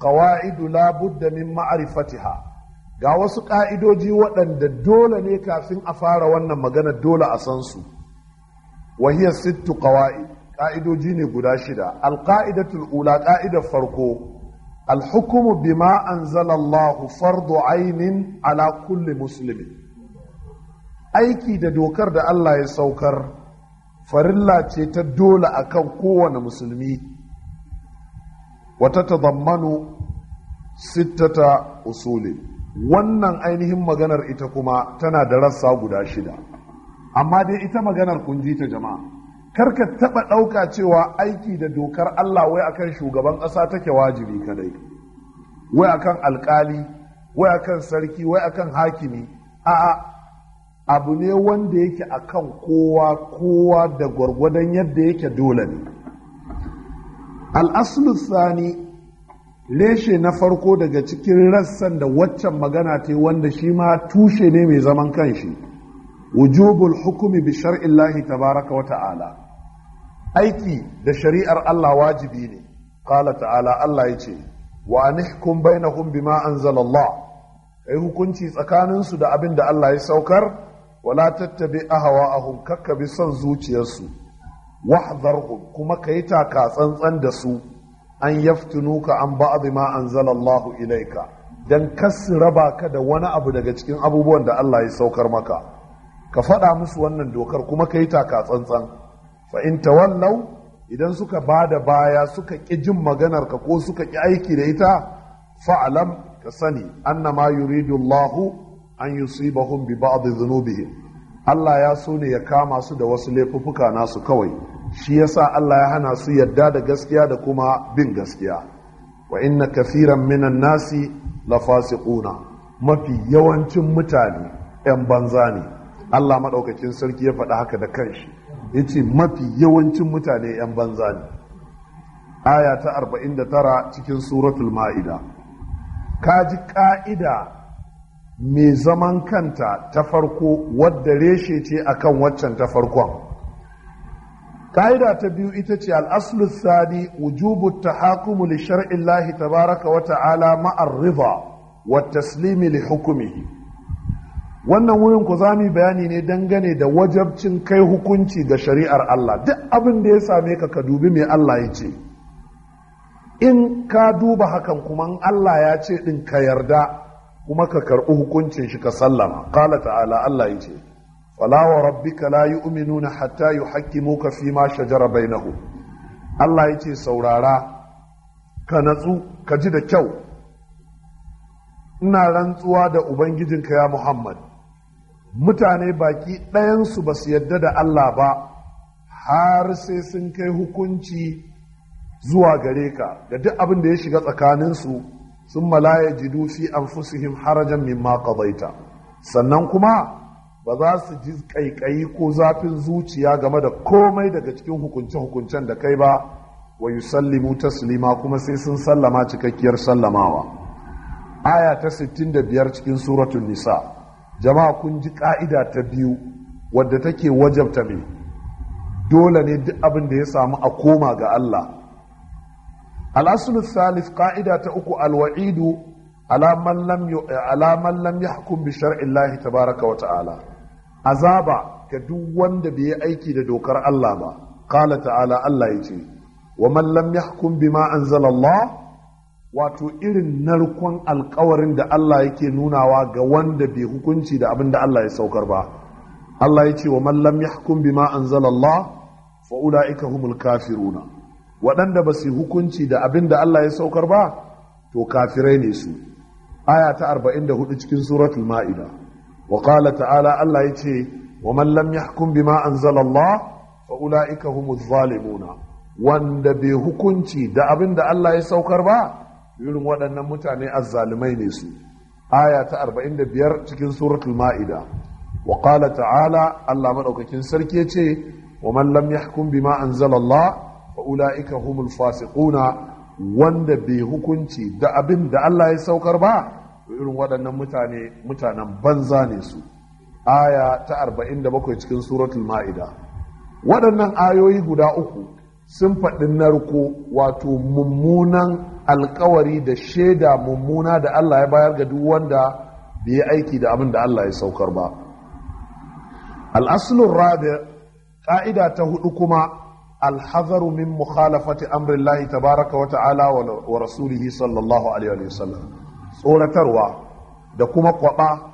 qawa'idu la budda min ma'rifatiha ga wasu ka'idoji waɗanda dole ne kafin a fara wannan magana dole a san su wa hiya sittu qawa'id ka'idoji ne guda shida alqa'idatul ula ka'idar farko alhukumu bima أنزل الله fardu عين على musulmin. aiki da dokar da Allah ya saukar farilla ce ta dole a kan kowane musulmi wata ta zammanu sittata usuli wannan ainihin maganar ita kuma tana da rassa guda shida amma dai ita maganar kunji ta jama'a karka taɓa ɗauka cewa aiki da dokar Allah wai akan shugaban ƙasa take wajibi kadai wai akan alƙali wai akan sarki wai akan hakimi a'a abu ne wanda yake a kan kowa kowa da gwargwadon yadda yake dole ne al'aslu Sani reshe na farko daga cikin rassan da waccan magana ta wanda shi ma tushe ne mai zaman kanshi wujubul hukumi bi shar'illahi tabaraka wa ta'ala aiki da shari'ar Allah wajibi ne qala ta'ala Allah yace wa anihkum bainahum bima anzalallah kai hukunci tsakaninsu da abin da Allah ya saukar wala tattabi ahwa'ahum kakka bi son zuciyarsu wahdharhum kuma kayi taka tsantsan da su an yaftunuka an ba'd ma anzalallahu ilaika dan kasu raba ka da wani abu daga cikin abubuwan da Allah ya saukar maka ka faɗa musu wannan dokar kuma kayi taka tsantsan fa in tawallau idan suka bada baya suka ƙi jin maganar ka ko suka ƙi aiki da ita fa'alam ka sani annama yuridullahu an yusibahum bi ba'd dhunubihim Allah ya so ne ya kama su da wasu laifuffuka nasu kawai shi yasa Allah ya hana su yadda da gaskiya da kuma bin gaskiya wa inna kathiran minan nasi la fasiquna mafi yawancin mutane yan banza ne Allah maɗaukacin sarki ya faɗa haka da kanshi yace mafi yawancin mutane yan banza ne aya ta 49 cikin suratul ma'ida ka ji ka'ida mai zaman kanta ta farko wadda reshe ce akan waccan ta farkon ka'ida ta biyu ita ce al'aslu sadi wujubu hakumu li shar'illahi baraka wa ta'ala ma'ar riva wa taslimi li hukumihi wannan wurin ku zami bayani ne dangane da wajabcin kai hukunci ga shari'ar Allah duk abin da ya same ka ka dubi mai Allah ya ce in ka duba hakan kuma Allah ya ce din ka yarda kuma ka karɓi hukuncin shi ka sallama qala ta'ala Allah yace fala wa rabbika la yu'minuna hatta yuhaqqimuka fi ma shajara bainahum Allah yace saurara ka natsu ka ji da kyau ina rantsuwa da ubangijinka ya Muhammad mutane baki ɗayansu ba su yadda da Allah ba har sai sun kai hukunci zuwa gare ka da duk abin da ya shiga tsakaninsu sun malaya jidu fi fusihim harajan mimma qadaita sannan kuma ba za su ji ƙaiƙayi ko zafin zuciya game da komai daga cikin hukunce-hukuncen da kai ba wa yusallimu taslima kuma sai sun sallama cikakkiyar sallamawa aya ta sittin da biyar cikin suratun nisa jama'a kun ji ka'ida ta biyu wadda take wajabta mai dole ne duk abin da ya samu a koma ga Allah al'asul salif ƙa'ida ta uku alwa'idu alaman lam ya hukum tabaraka wa ta'ala azaba ga duk wanda bai yi aiki da dokar Allah ba kala ta'ala Allah ya ce wa man lam yahkum bima anzala Allah wato irin narkon alkawarin da Allah yake nunawa ga wanda bai hukunci da abin da Allah ya saukar ba Allah ya ce wa man lam yahkum bima anzala Allah fa ulaika humul kafiruna waɗanda ba su hukunci da abin da Allah ya saukar ba to kafirai ne su aya ta hudu cikin suratul ma'ida wa qala ta'ala Allah yace wa man lam yahkum bima anzala fa ulaika humuz zalimuna wanda bai hukunci da abin da Allah ya saukar ba irin waɗannan mutane azzalumai ne su aya ta biyar cikin suratul ma'ida wa qala ta'ala Allah madaukakin sarki yace wa man lam yahkum bima anzala fa’ula’ika humul fasiquna wanda bai hukunci da abin da Allah ya saukar ba irin waɗannan mutane mutanen banza ne su aya ta arba'in 47 cikin suratul ma'ida waɗannan ayoyi guda uku sun faɗi narko wato mummunan alkawari da shaida mummuna da Allah ya bayar ga duk wanda bai yi aiki da abin da Allah ya saukar ba al'asulun rabi ƙa'ida ta hudu kuma alhazaru min mukhalafati amrillahi tabaraka wa ta'ala wa rasulihi sallallahu alaihi wa sallam tsoratarwa da kuma kwaba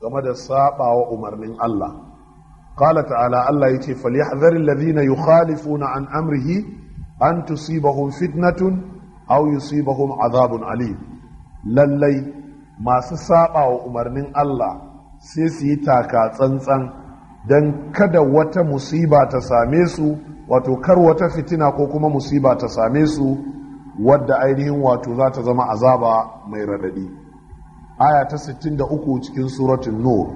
game da saɓawa umarnin Allah qala ta'ala Allah yace falyahdharil ladhina yukhalifuna an amrihi an tusibahum fitnatun aw yusibahum adhabun alim lallai masu wa umarnin Allah sai su yi taka tsantsan don kada wata musiba ta same su wato kar wata fitina ko kuma musiba ta same su wadda ainihin wato za ta zama azaba mai raɗaɗi. aya ta 63 cikin suratun nur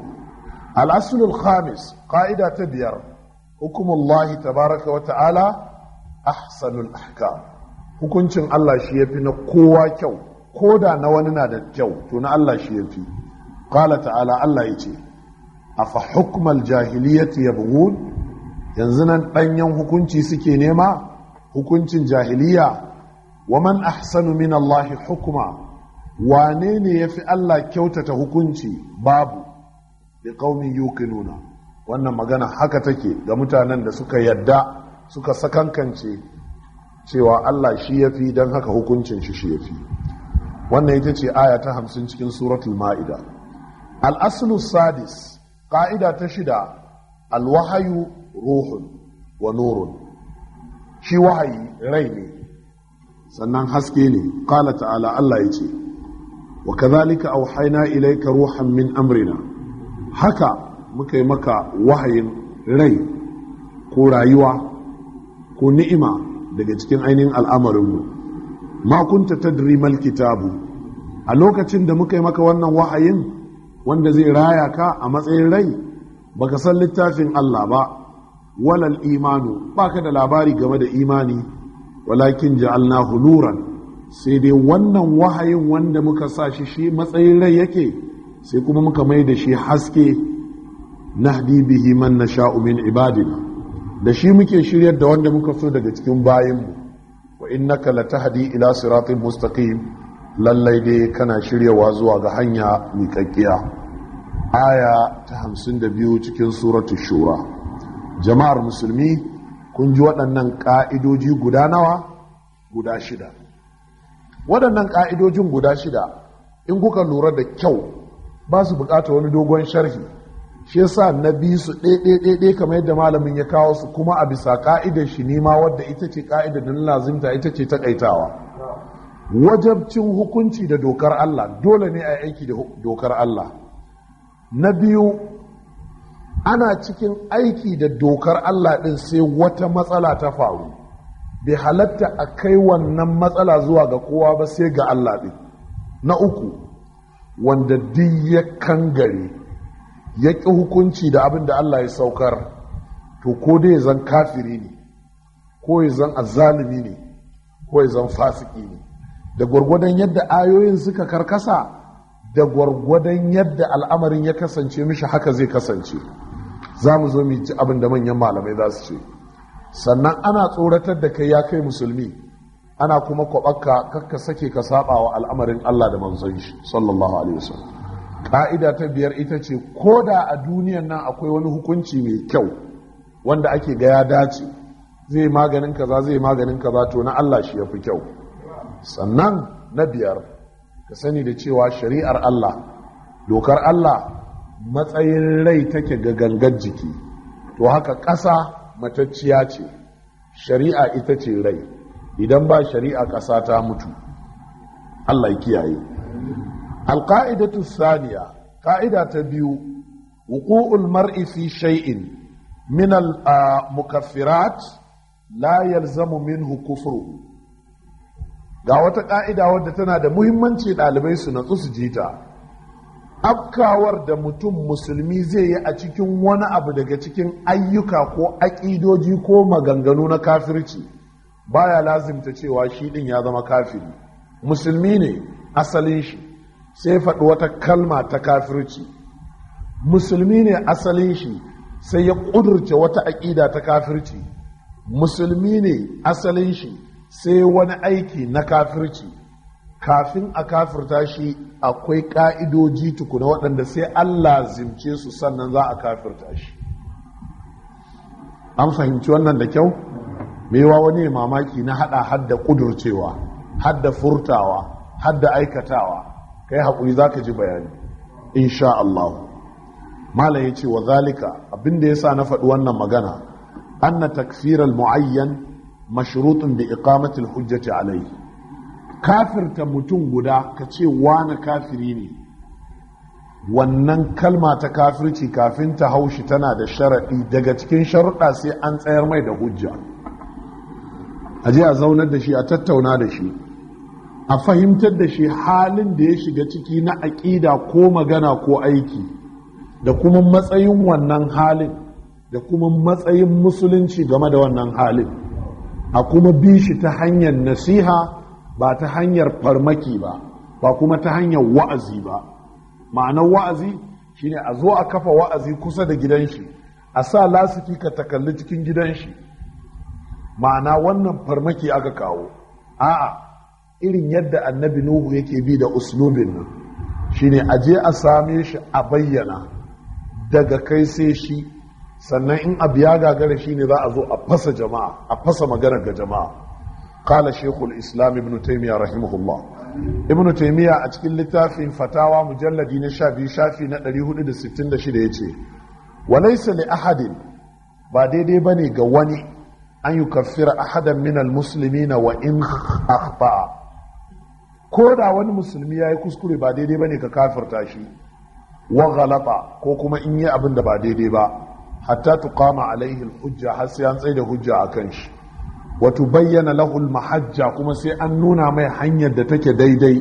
al-aslul khamis ƙa'ida ta biyar hukumullahi tabaraka wa ta'ala ahsanul ahkam hukuncin Allah shi yafi na kowa kyau ko da na wani na da kyau to na Allah shi yafi qala ta'ala Allah yace afa hukmal jahiliyyati yabghun yanzu nan ɗanyen hukunci suke nema hukuncin jahiliya waman ahsanu min Allahi hukuma wane ne ya fi Allah kyautata hukunci babu da ƙaunin nuna. wannan magana haka take ga mutanen da suka yadda suka sakankance cewa Allah shi ya fi don haka hukuncin shi shi ya fi wannan ita ce aya ta hamsin cikin suratul ma'ida aslu sadis ƙa'ida ta shida alwahayu ruhun wa nurun shi wahayi rai ne sannan haske ne kala ta'ala Allah ya ce wa kazalika auhayna ilayka ruhan min amrina haka muka yi maka wahayin rai ko rayuwa ko ni'ima daga cikin ainihin al'amarinmu ma kunta tadri mal kitabu a lokacin da muka yi maka wannan wahayin wanda zai raya ka a matsayin rai baka san littafin Allah ba walal imanu ba ka da labari game da imani walakin ja'alnahu nuran sai dai wannan wahayin wanda muka sa shi shi matsayin rai yake sai kuma muka mai da shi haske nahdi bihi man nasha'u min ibadina da shi muke shiryar da wanda muka so daga cikin bayinmu wa innaka latahdi ila siratin mustaqim lallai dai kana shiryawa zuwa ga hanya miƙaƙƙiya aya ta 52 cikin suratul shura jama'ar musulmi kun ji waɗannan ƙa'idoji guda nawa guda shida waɗannan ƙa'idojin guda shida in kuka lura da kyau ba su buƙata wani dogon sharhi shi sa na bi su ɗaiɗaiɗaiɗai kamar yadda malamin ya kawo su kuma a bisa ƙa'idar shi nima wadda ita ce ƙa'idar da lazimta ita ce taƙaitawa wajabcin hukunci da dokar Allah dole ne a aiki da dokar Allah na biyu ana cikin aiki da dokar Allah ɗin sai wata matsala ta faru bai halatta a kai wannan matsala zuwa ga kowa ba sai ga Allah ɗin na uku wanda duk ya kangare ya ƙi hukunci da abin da Allah ya saukar to ko dai zan kafiri ne ko ya zan azalimi ne ko ya zan fasiki ne da gwargwadon yadda ayoyin suka karkasa da gwargwadon yadda al'amarin ya kasance mishi haka zai kasance. za mu zo mu ji abin da manyan malamai za su ce sannan ana tsoratar da kai ya kai musulmi ana kuma kwaɓaka kakka sake ka saba wa al'amarin Allah da manzon shi sallallahu alaihi wasallam ka'ida ta biyar ita ce ko da a duniyan nan akwai wani hukunci mai kyau wanda ake ga ya dace zai maganin kaza zai maganin kaza to na Allah shi yafi kyau sannan na biyar ka sani da cewa shari'ar Allah dokar Allah matsayin rai take ga gangar jiki to haka ƙasa matacciya ce shari'a ita ce rai idan ba shari'a ƙasa ta mutu Allah kiyaye alƙa'idatu saniya ƙa'ida ta biyu wuqu'ul mar'i fi shay'in min al-mukaffirat la yalzamu minhu ga wata ƙa'ida wadda tana da muhimmanci ɗalibai su natsu su jita afkawar da mutum musulmi zai yi a cikin wani abu daga cikin ayyuka ko aƙidoji ko maganganu na kafirci baya lazimta cewa shi ɗin ya zama kafiri musulmi ne asalin shi sai faɗi wata kalma ta kafirci musulmi ne asalin shi sai ya ƙudurce wata aƙida ta kafirci musulmi ne asalin shi sai wani aiki na kafirci kafin a kafirta shi akwai ƙa'idoji tukuna waɗanda sai Allah zimce su sannan za a kafirta shi an fahimci wannan da kyau mewa wani mamaki na hada hadda kudurcewa, hadda furtawa hadda aikatawa kai haƙuri za ka ji bayani insha Allah malam ya ce wa zalika abinda ya sa na faɗi wannan magana an na takfiral mu'ayyan mashurutun da iqamatil hujjati alai. kafirta mutum guda ka ce wani kafiri ne wannan kalma ta kafirci kafin ta haushi tana da sharaɗi daga cikin sharuɗa sai an tsayar mai da hujja a je a zaunar da shi a tattauna da shi a fahimtar da shi halin da ya shiga ciki na aƙida ko magana ko aiki da kuma matsayin wannan halin da kuma matsayin musulunci game da wannan halin a kuma bi shi ta hanyar nasiha ba ta hanyar farmaki ba ba kuma ta hanyar wa'azi ba ma'anar wa'azi shine a zo a kafa wa'azi kusa da gidan shi a sa lasifi ka ta cikin gidan shi ma'ana wannan farmaki aka kawo a'a irin yadda annabi nuhu yake bi da uslubin nan shine a je a same shi a bayyana daga kai sai shi sannan in abu ya gagara ne za a zo a fasa jama'a a fasa magana ga jama'a قال شيخ الإسلام ابن تيمية رحمه الله ابن تيمية أتكل لتافي فتاوى مجلد نشافي شافي نقليه لدى الستين دشيريتي وليس لأحد بعدين دي بني قواني أن يكفر أحدا من المسلمين وإن أخطأ ko da wani musulmi ya yi kuskure ba daidai ba ne ka kafirta shi wa galata ko kuma in yi abin da ba daidai ba hatta tuqama alaihi hujja har sai an tsaye da hujja a kan shi wato bayyana lahul mahajja kuma sai an nuna mai hanyar da take daidai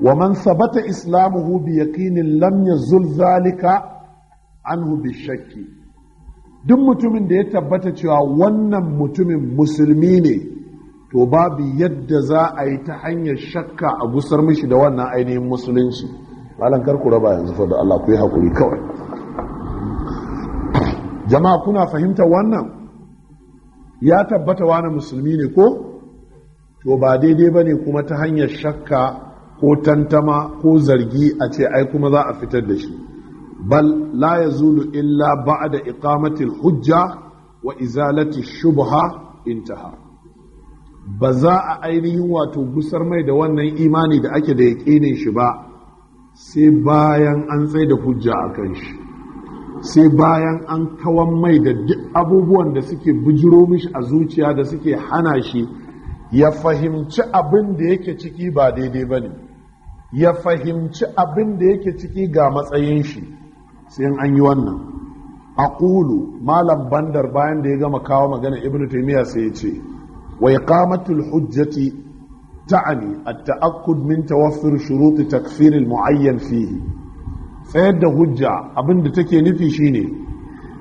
wa man sabata islamuhu bi yaqinin lam yazul zalika anhu bi shakki duk mutumin da ya tabbata cewa wannan mutumin musulmi ne to babu yadda za a yi ta hanyar shakka a gusar mishi da wannan ainihin musulunci malam kar ku raba yanzu fa da Allah ku yi hakuri kawai jama'a kuna fahimtar wannan ya tabbata wani musulmi ne ko to ba daidai ba ne kuma ta hanyar shakka ko tantama ko zargi a ce ai kuma za a fitar da shi bal la ya zulu illa da ikamatin hujja wa izalati shubha intaha ba za a ainihin wato gusar mai da wannan imani da ake da kene shi ba sai bayan an tsaye da hujja a kan shi sai bayan an kawan mai da duk abubuwan da suke bujiro mishi a zuciya da suke hana shi ya fahimci abin da yake ciki ba daidai ba ne ya fahimci abin da yake ciki ga matsayin shi sai an yi wannan A ƙulu malam bandar bayan da ya gama kawo magana ibn taimiyya sai ya ce wa kamatul hujjati ta'ani at-ta'akkud min tawaffur shurut takfir muayyan fihi tsayar da hujja abinda da take nufi shine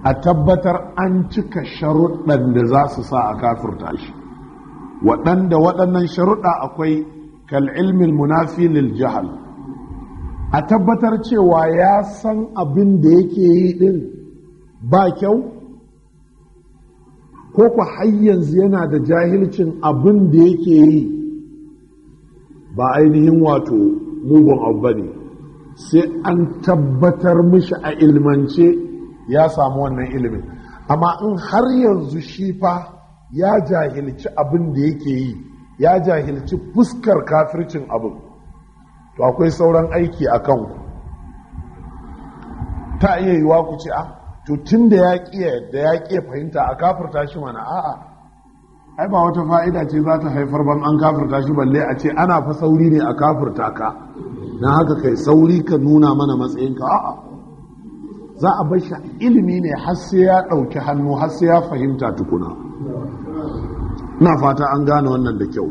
a tabbatar an cika sharuɗan da za su sa a kafirta shi waɗanda waɗannan sharuɗa akwai kal'ilmin munafi lil jahal a tabbatar cewa ya san abin da yake yi ɗin ba kyau ko ku har yanzu yana da jahilcin abin da yake yi ba ainihin wato mugun abu ba ne sai an tabbatar mishi a ilmance ya samu wannan ilimin amma in har yanzu shi fa ya jahilci abin da yake yi ya jahilci fuskar kafircin abin to akwai sauran aiki a kanku ta iya yiwa ku ce a to tun da ya ƙiya da ya ƙiya fahimta a kafirta shi mana a'a ai ba wata fa'ida ce za ta haifar ban an kafirta shi balle a ce ana fa sauri ne a kafirta ka na haka kai sauri ka nuna mana matsayinka a'a za a bar shi ilimi ne har sai ya ɗauki hannu har sai ya fahimta tukuna na fata an gane wannan da kyau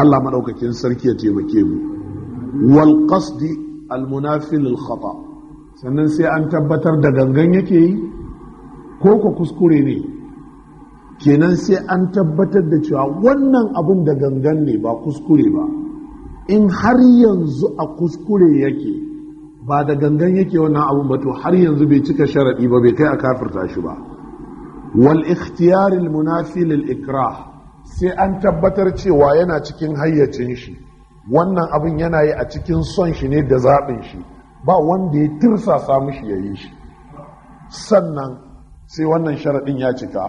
Allah maɗaukakin sarki ya taimake mu wal qasdi al munafil al khata sannan sai an tabbatar da gangan yake yi ko ko kuskure ne kenan sai an tabbatar da cewa wannan abun da gangan ne ba kuskure ba in har yanzu a kuskure yake ba da gangan yake wannan abun ba to har yanzu bai cika sharaɗi ba bai kai a kafirta shi ba wal ikhtiyaril munafi lil ikrah sai an tabbatar cewa yana cikin hayyacin shi wannan abin yana yi a cikin son shi ne da zaɓin shi ba wanda ya tirsa mishi ya yi shi sannan sai wannan sharaɗin ya cika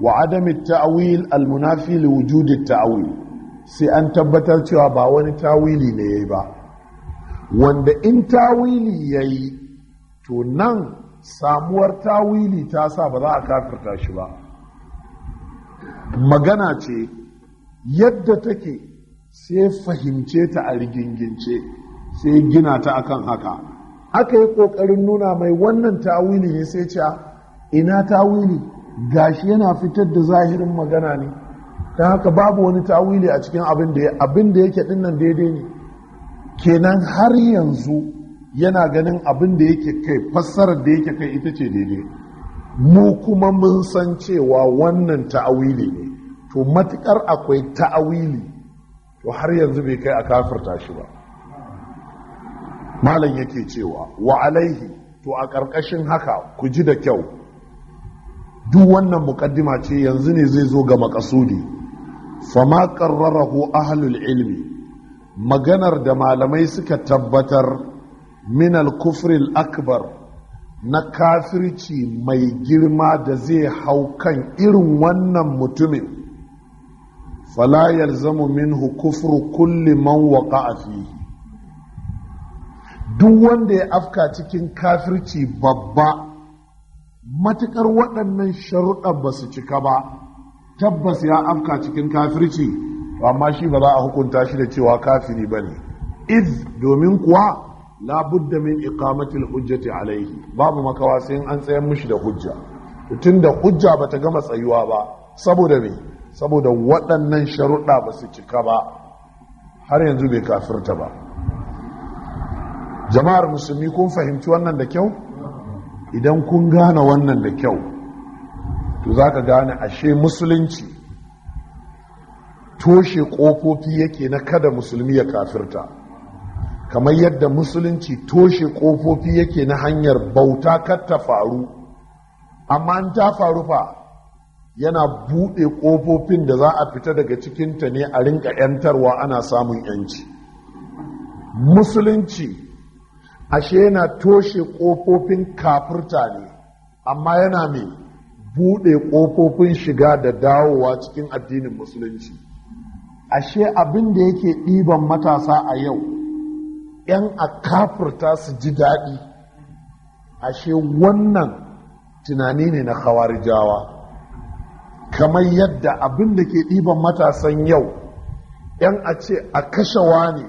wa adami ta'awil al munafi li wujudi ta'awil sai an tabbatar cewa ba wani tawili ne ya yi ba wanda in tawili ya yi to nan samuwar tawili ta sa ba za a kafirta shi ba magana ce yadda take sai fahimce ta a rigingince sai gina ta akan haka Haka yi ƙoƙarin nuna mai wannan tawili ne sai ce ina tawili gashi yana fitar da zahirin magana ne don haka babu wani tawili a cikin abin da yake dinnan daidai ne kenan har yanzu yana ganin abin da yake kai fassarar da yake kai ita ce daidai mu kuma mun san cewa wannan ta'awili ne to matukar akwai ta'awili to har yanzu bai kai a kafirta shi ba malam yake cewa wa alaihi to a ƙarƙashin haka ku ji da kyau duk wannan muƙaddima ce yanzu ne zai zo ga makasudi fama ƙarrarahu ahlul ilmi maganar da malamai suka tabbatar min al-kufril akbar na kafirci mai girma da zai hau kan irin wannan mutumin fala yalzamu minhu kufru kulli man waqa'a fihi duk wanda ya afka cikin kafirci babba matuƙar waɗannan sharuɗa ba su cika ba tabbas ya afka cikin kafirci amma shi ba za a hukunta shi da cewa kafiri ba ne iz domin kuwa labudda min iqamatil hujjati alaihi babu makawa sai an tsayar mushi da hujja tun da hujja ba ta gama tsayuwa ba saboda me saboda waɗannan sharuɗa ba su cika ba har yanzu bai kafirta ba jama'ar musulmi kun fahimci wannan da kyau idan kun gane wannan da kyau to za ka gane ashe musulunci toshe ƙofofi yake na kada musulmi ya kafirta kamar yadda musulunci toshe ƙofofi yake na hanyar bauta kar faru amma an ta faru fa yana buɗe ƙofofin da za a fita daga cikinta ne a rinka 'yantarwa ana samun 'yanci musulunci ashe yana toshe ƙofofin kafirta ne amma yana mai buɗe ƙofofin shiga da dawowa cikin addinin musulunci ashe abin da yake ɗiban matasa a yau 'yan a kafurta su ji daɗi ashe wannan tunani ne na hawarijawa kamar yadda abin da ke ɗiban matasan yau 'yan a ce a kashewa ne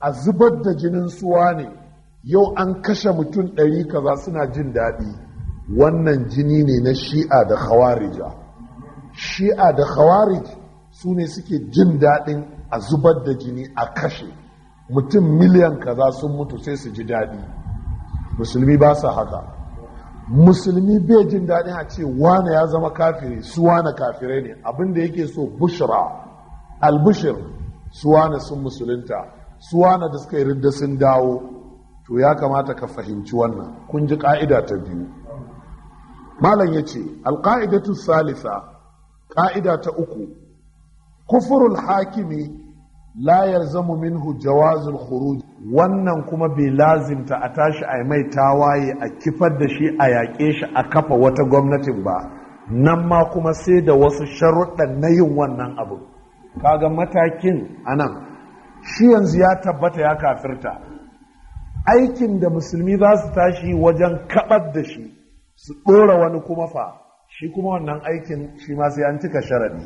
a zubar da jinin suwa ne yau an kashe mutum ɗari kaza suna jin daɗi wannan jini ne na shi'a da khawarija shi'a da khawarij su ne suke jin daɗin a zubar da jini a kashe mutum miliyan kaza sun mutu sai su ji daɗi musulmi ba su haka musulmi bai jin daɗin a ce wane ya zama kafiri su wane kafirai ne abinda yake so bushra albushir su wane sun musulunta su wane da suka yi sun dawo to ya kamata ka fahimci wannan kun ji ƙa'ida ta biyu malam ya ce alƙa'idatu salisa ƙa'ida ta uku kufurul hakimi la yalzamu minhu jawazul khuruj wannan kuma bai lazimta a tashi a mai tawaye a kifar da shi a yaƙe shi a kafa wata gwamnatin ba nan ma kuma sai da wasu sharuɗan na yin wannan abu kaga matakin a nan. shi yanzu ya tabbata ya kafirta aikin da musulmi za su tashi wajen kaɓar da shi su ɗora wani kuma fa shi kuma wannan aikin shi ma sai an cika sharaɗi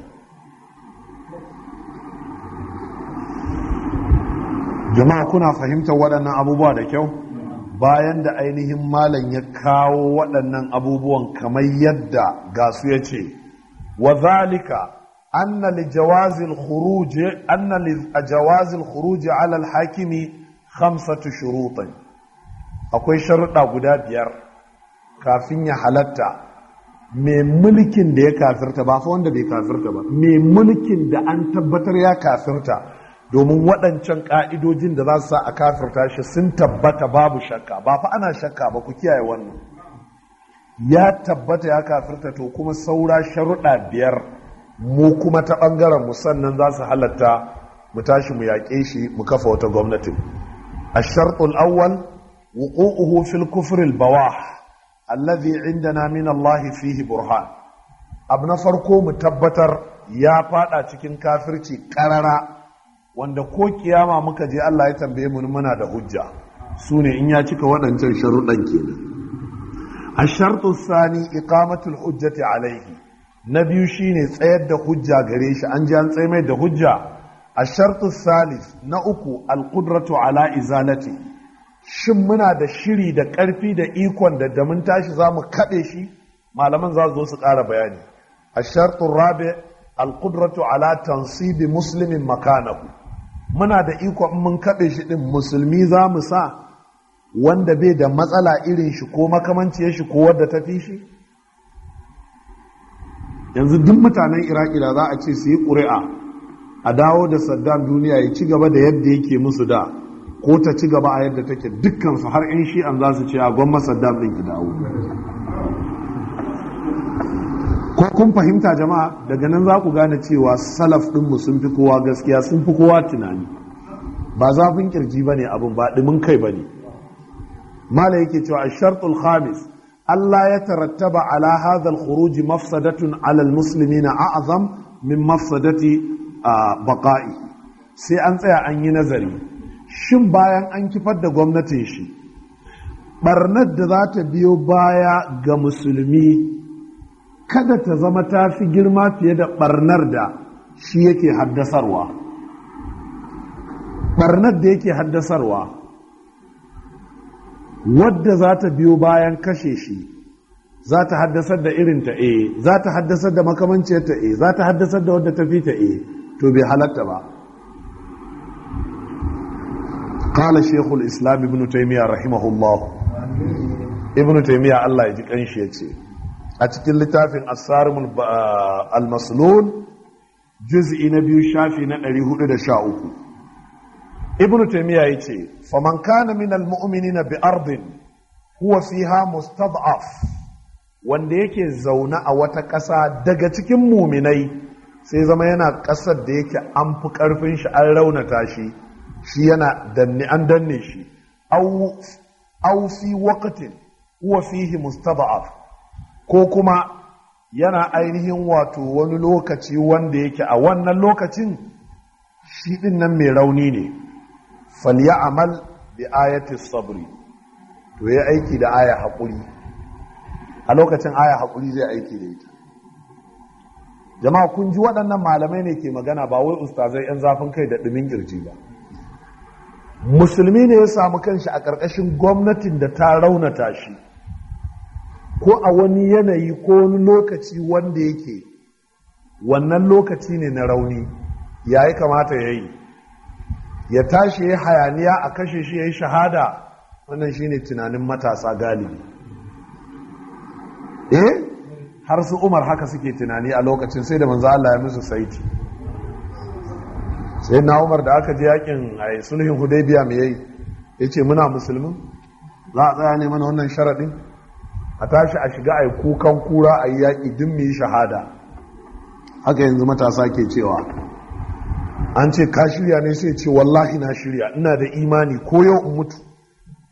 jama'a kuna fahimtar waɗannan abubuwa da kyau bayan da ainihin malam ya kawo waɗannan abubuwan kamar yadda gasu ya ce wa zalika anna li jawazil khuruj ala al-hakimi khamsatu shurutin akwai sharuɗa guda biyar kafin ya halatta mai mulkin da ya kafirta ba fa wanda bai kafirta ba mai mulkin da an tabbatar ya kafirta domin waɗancan ƙa'idojin da za su sa a kafirta shi sun tabbata babu shakka ba fa ana shakka ba ku kiyaye wannan ya tabbata ya kafirta to kuma saura sharuɗa biyar mu kuma ta ɓangaren mu sannan za su halatta mu tashi mu yaƙe shi mu kafa wata gwamnati. a sharɗul awwal wuqu'uhu fil kufril bawah allazi indana min Allah fihi burhan Ab na farko mu tabbatar ya fada cikin kafirci karara wanda ko kiyama muka je Allah ya tambaye mu muna da hujja sune in ya cika waɗancan sharuɗan kenan الشرط الثاني إقامة الحجة عليه نبي شيني تسيد حجة غريش أنجان تسيمي ده حجة الشرط الثالث نأكو القدرة على إزالته shin muna da shiri da ƙarfi da ikon da mun tashi za mu kaɗe shi malaman za su zo su ƙara bayani a shartun rabe alƙudratu ala tansibi Musulmin makanahu muna da ikon mun kaɗe shi ɗin musulmi za mu sa wanda bai da matsala irin shi ko makamanciyar shi ko wadda ta fi shi yanzu duk mutanen iraqila za a ce su yi ƙuri'a a dawo da saddan duniya ya ci gaba da yadda yake musu da ko ta ci gaba a yadda take dukkansu har 'yan shi'an za su ce a gwamma saddam ɗin ki dawo ko kun fahimta jama'a daga nan za ku gane cewa salaf ɗinmu sun fi kowa gaskiya sun fi kowa tunani ba zafin kirji ba ne abin ba ɗumin kai ba ne mala yake cewa a shartul khamis Allah ya tarattaba ala hadhal khuruji mafsadatun alal musulmi na a'zam min mafsadati baqa'i sai an tsaya an yi nazari shin bayan an kifar da gwamnatin shi barnar da za ta biyo baya ga musulmi kada ta zama ta fi girma fiye da barnar da shi yake haddasarwa barnar da yake haddasarwa wadda za ta biyo bayan kashe shi za ta haddasar da irinta e za ta haddasar da makamanciyarta e za ta haddasar da wadda ta fi ta to bai halatta ba qala shaykhul islam ibn taymiya rahimahullah ibn taymiya Allah ya ji kanshi yace a cikin littafin as-sarimul al-maslul juz'i na biyu shafi na 413 ibn taymiya yace faman kana min almu'minina bi ardin huwa fiha mustad'af wanda yake zaune a wata ƙasa daga cikin muminai sai zama yana ƙasar da yake an fi ƙarfin shi an raunata shi shi yana danne an danne shi au fi waqtin huwa fihi mustada'af ko kuma yana ainihin wato wani lokaci wanda yake a wannan lokacin shi din nan mai rauni ne falyamal bi ayati sabri to ya aiki da aya haƙuri a lokacin aya haƙuri zai aiki da ita jama'a kun ji waɗannan malamai ne ke magana ba wai ustazai 'yan zafin kai da ɗumin ƙirji ba musulmi ne ya samu kanshi a ƙarƙashin gwamnatin da ta raunata shi ko a wani yanayi ko wani lokaci wanda yake wannan lokaci ne na rauni ya yi kamata ya yi ya tashi ya hayaniya a kashe shi ya yi shahada wannan shi ne tunanin matasa galibi eh har su umar haka suke tunani a lokacin sai da manzo Allah ya musu saiti sai na umar da aka je yakin a sulhin hudaybiya me yayi ce muna musulmin za a tsaya ne mana wannan sharaɗin? a tashi a shiga a yi kukan kura a yaƙi din mu yi shahada haka yanzu matasa ke cewa an ce ka shirya ne sai ce wallahi na shirya ina da imani ko yau in mutu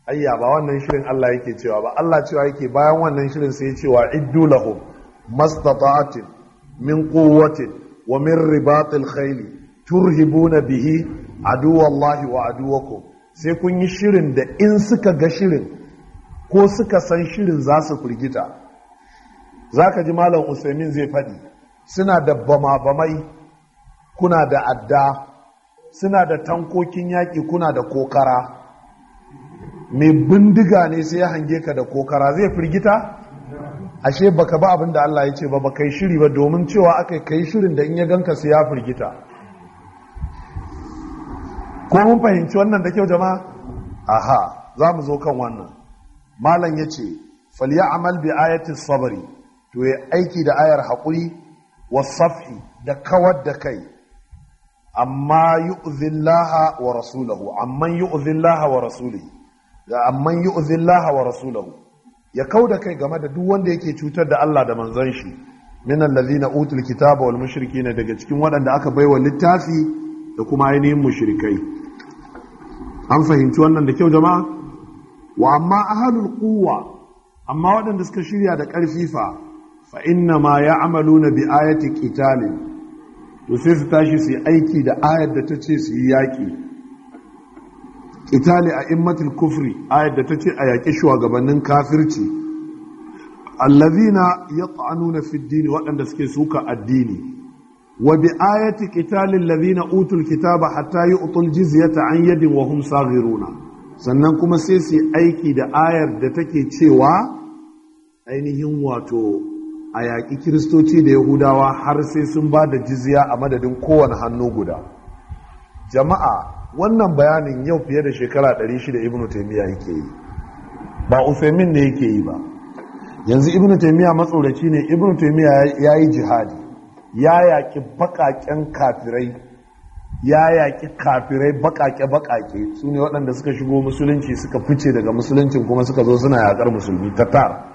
ayya ba wannan shirin Allah yake cewa ba Allah cewa yake bayan wannan shirin sai cewa iddu lahum mastata'atin min quwwatin wa min ribatil khayli turhibuna bihi aduwallahi wa aduwakum sai kun yi shirin da in suka ga shirin ko suka san shirin za su firgita za ka ji malam usaimin zai faɗi suna da bama-bamai kuna da adda suna da tankokin yaƙi kuna da kokara mai bindiga ne sai ya hange ka da kokara zai firgita ashe baka ba abin da Allah ya ce ba baka yi shiri ba domin cewa aka kai shirin da in ya ganka sai ya firgita ko mun fahimci wannan da kyau jama'a aha za mu zo kan wannan malam ya ce amal bi ayatis sabri to ya aiki da ayar haƙuri safi da kawar da kai amma yu'zillaha wa rasulahu amman yu'zillaha wa rasulihi da amman yu'zillaha wa rasulahu ya da kai game da duk wanda yake cutar da Allah da manzon shi min allazina utul kitaba wal mushrikina daga cikin waɗanda aka baiwa littafi da kuma ainihin mushrikai an fahimci wannan da kyau jama'a wa amma ahalul quwwa amma waɗanda suka shirya da ƙarfi fa fa inna ma ya'maluna bi ayati qitalin to sai su tashi su yi aiki da ayar da ta ce su yi yaƙi qitali a immatul kufri ayar da ta ce a yaƙi shugabannin kafirci allazina yat'anuna fid din waɗanda suke suka addini wa bi ayati qitalil ladhina utul kitaba hatta yu'tul jizyata an yadin wa hum saghiruna sannan kuma sai su aiki da ayar da take cewa ainihin wato a yaƙi kiristoci da yahudawa har sai sun ba da jizya a madadin kowane hannu guda jama'a wannan bayanin yau fiye da shekara 600 ibnu taymiya yake yi ba usaimin ne yake yi ba yanzu ibnu taymiya matsoraci ne ibnu taymiya yayi jihadi ya yaƙi baƙaƙen kafirai ya yaƙi kafirai baƙaƙe-baƙaƙe su ne waɗanda suka shigo musulunci suka fice daga musulunci, kuma suka zo suna yaƙar musulmi ta tar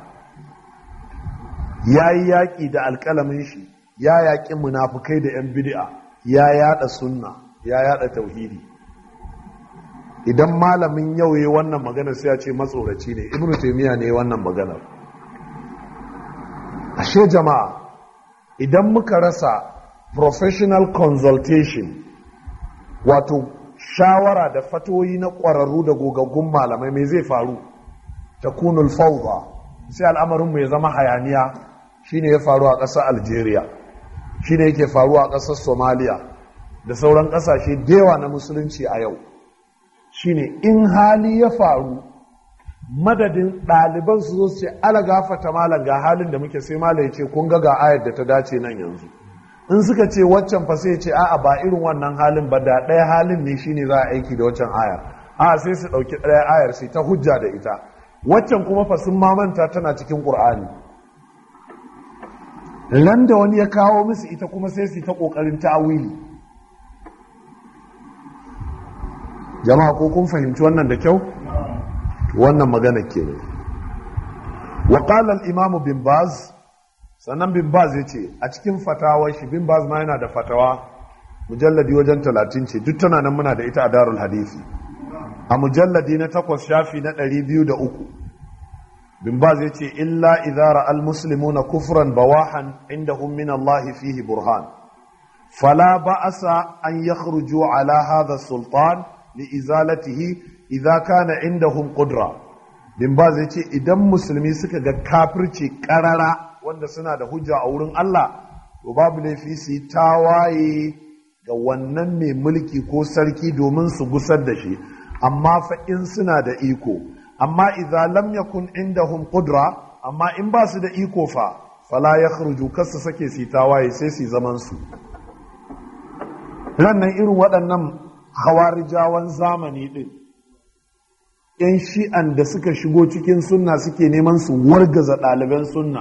ya yi yaƙi da alƙalamin shi ya yaƙi munafukai da 'yan bid'a ya yaɗa sunna ya yaɗa tauhidi idan malamin yau ya wannan magana sai ya ce matsoraci ne ibnu taimiyya ne wannan maganar ashe jama'a idan muka rasa professional consultation wato shawara da fatoyi na ƙwararru da gogaggun malamai mai zai faru ta kunul sai al'amarin mai zama hayaniya shine ya faru a ƙasar algeria shine yake faru a ƙasar somalia da sauran ƙasashe da na musulunci a yau shine in hali ya faru madadin ɗaliban su zo su ala gafata malam ga halin da muke sai malam ya ce kun ga ga ayar da ta dace nan yanzu in suka ce waccan fa sai ce a'a ba irin wannan halin ba da ɗaya halin ne shine za a aiki da waccan ayar a sai su ɗauki ɗaya ayar sai ta hujja da ita waccan kuma fa sun mamanta tana cikin ƙur'ani Nan da wani ya kawo musu ita kuma sai su ta ƙoƙarin ta'awili jama'a ko kun fahimci wannan da kyau wannan magana ke ne imamu qala bin baz sannan bin baz yace a cikin fatawar shi bin baz ma yana da fatawa mujalladi wajen talatin ce duk tana nan muna da ita a darul hadisi a mujalladi na takwas shafi na ɗari biyu da uku bin baz yace illa idara al na kufran bawahan inda min Allah fihi burhan fala ba'asa an yakhruju ala hadha sultan li izalatihi idza kana indahum qudra din ba zai ce idan musulmi suka ga kafirci karara wanda suna da hujja a wurin Allah to babu laifi su yi tawaye ga wannan mai mulki ko sarki domin su gusar da shi amma fa in suna da iko amma idza lam yakun indahum qudra amma in ba su da iko fa fala yakhruju kasu sake su tawaye sai su zaman su nan irin waɗannan hawarijawan zamani din 'yan shi'an da suka shigo cikin sunna suke neman su wargaza ɗaliban sunna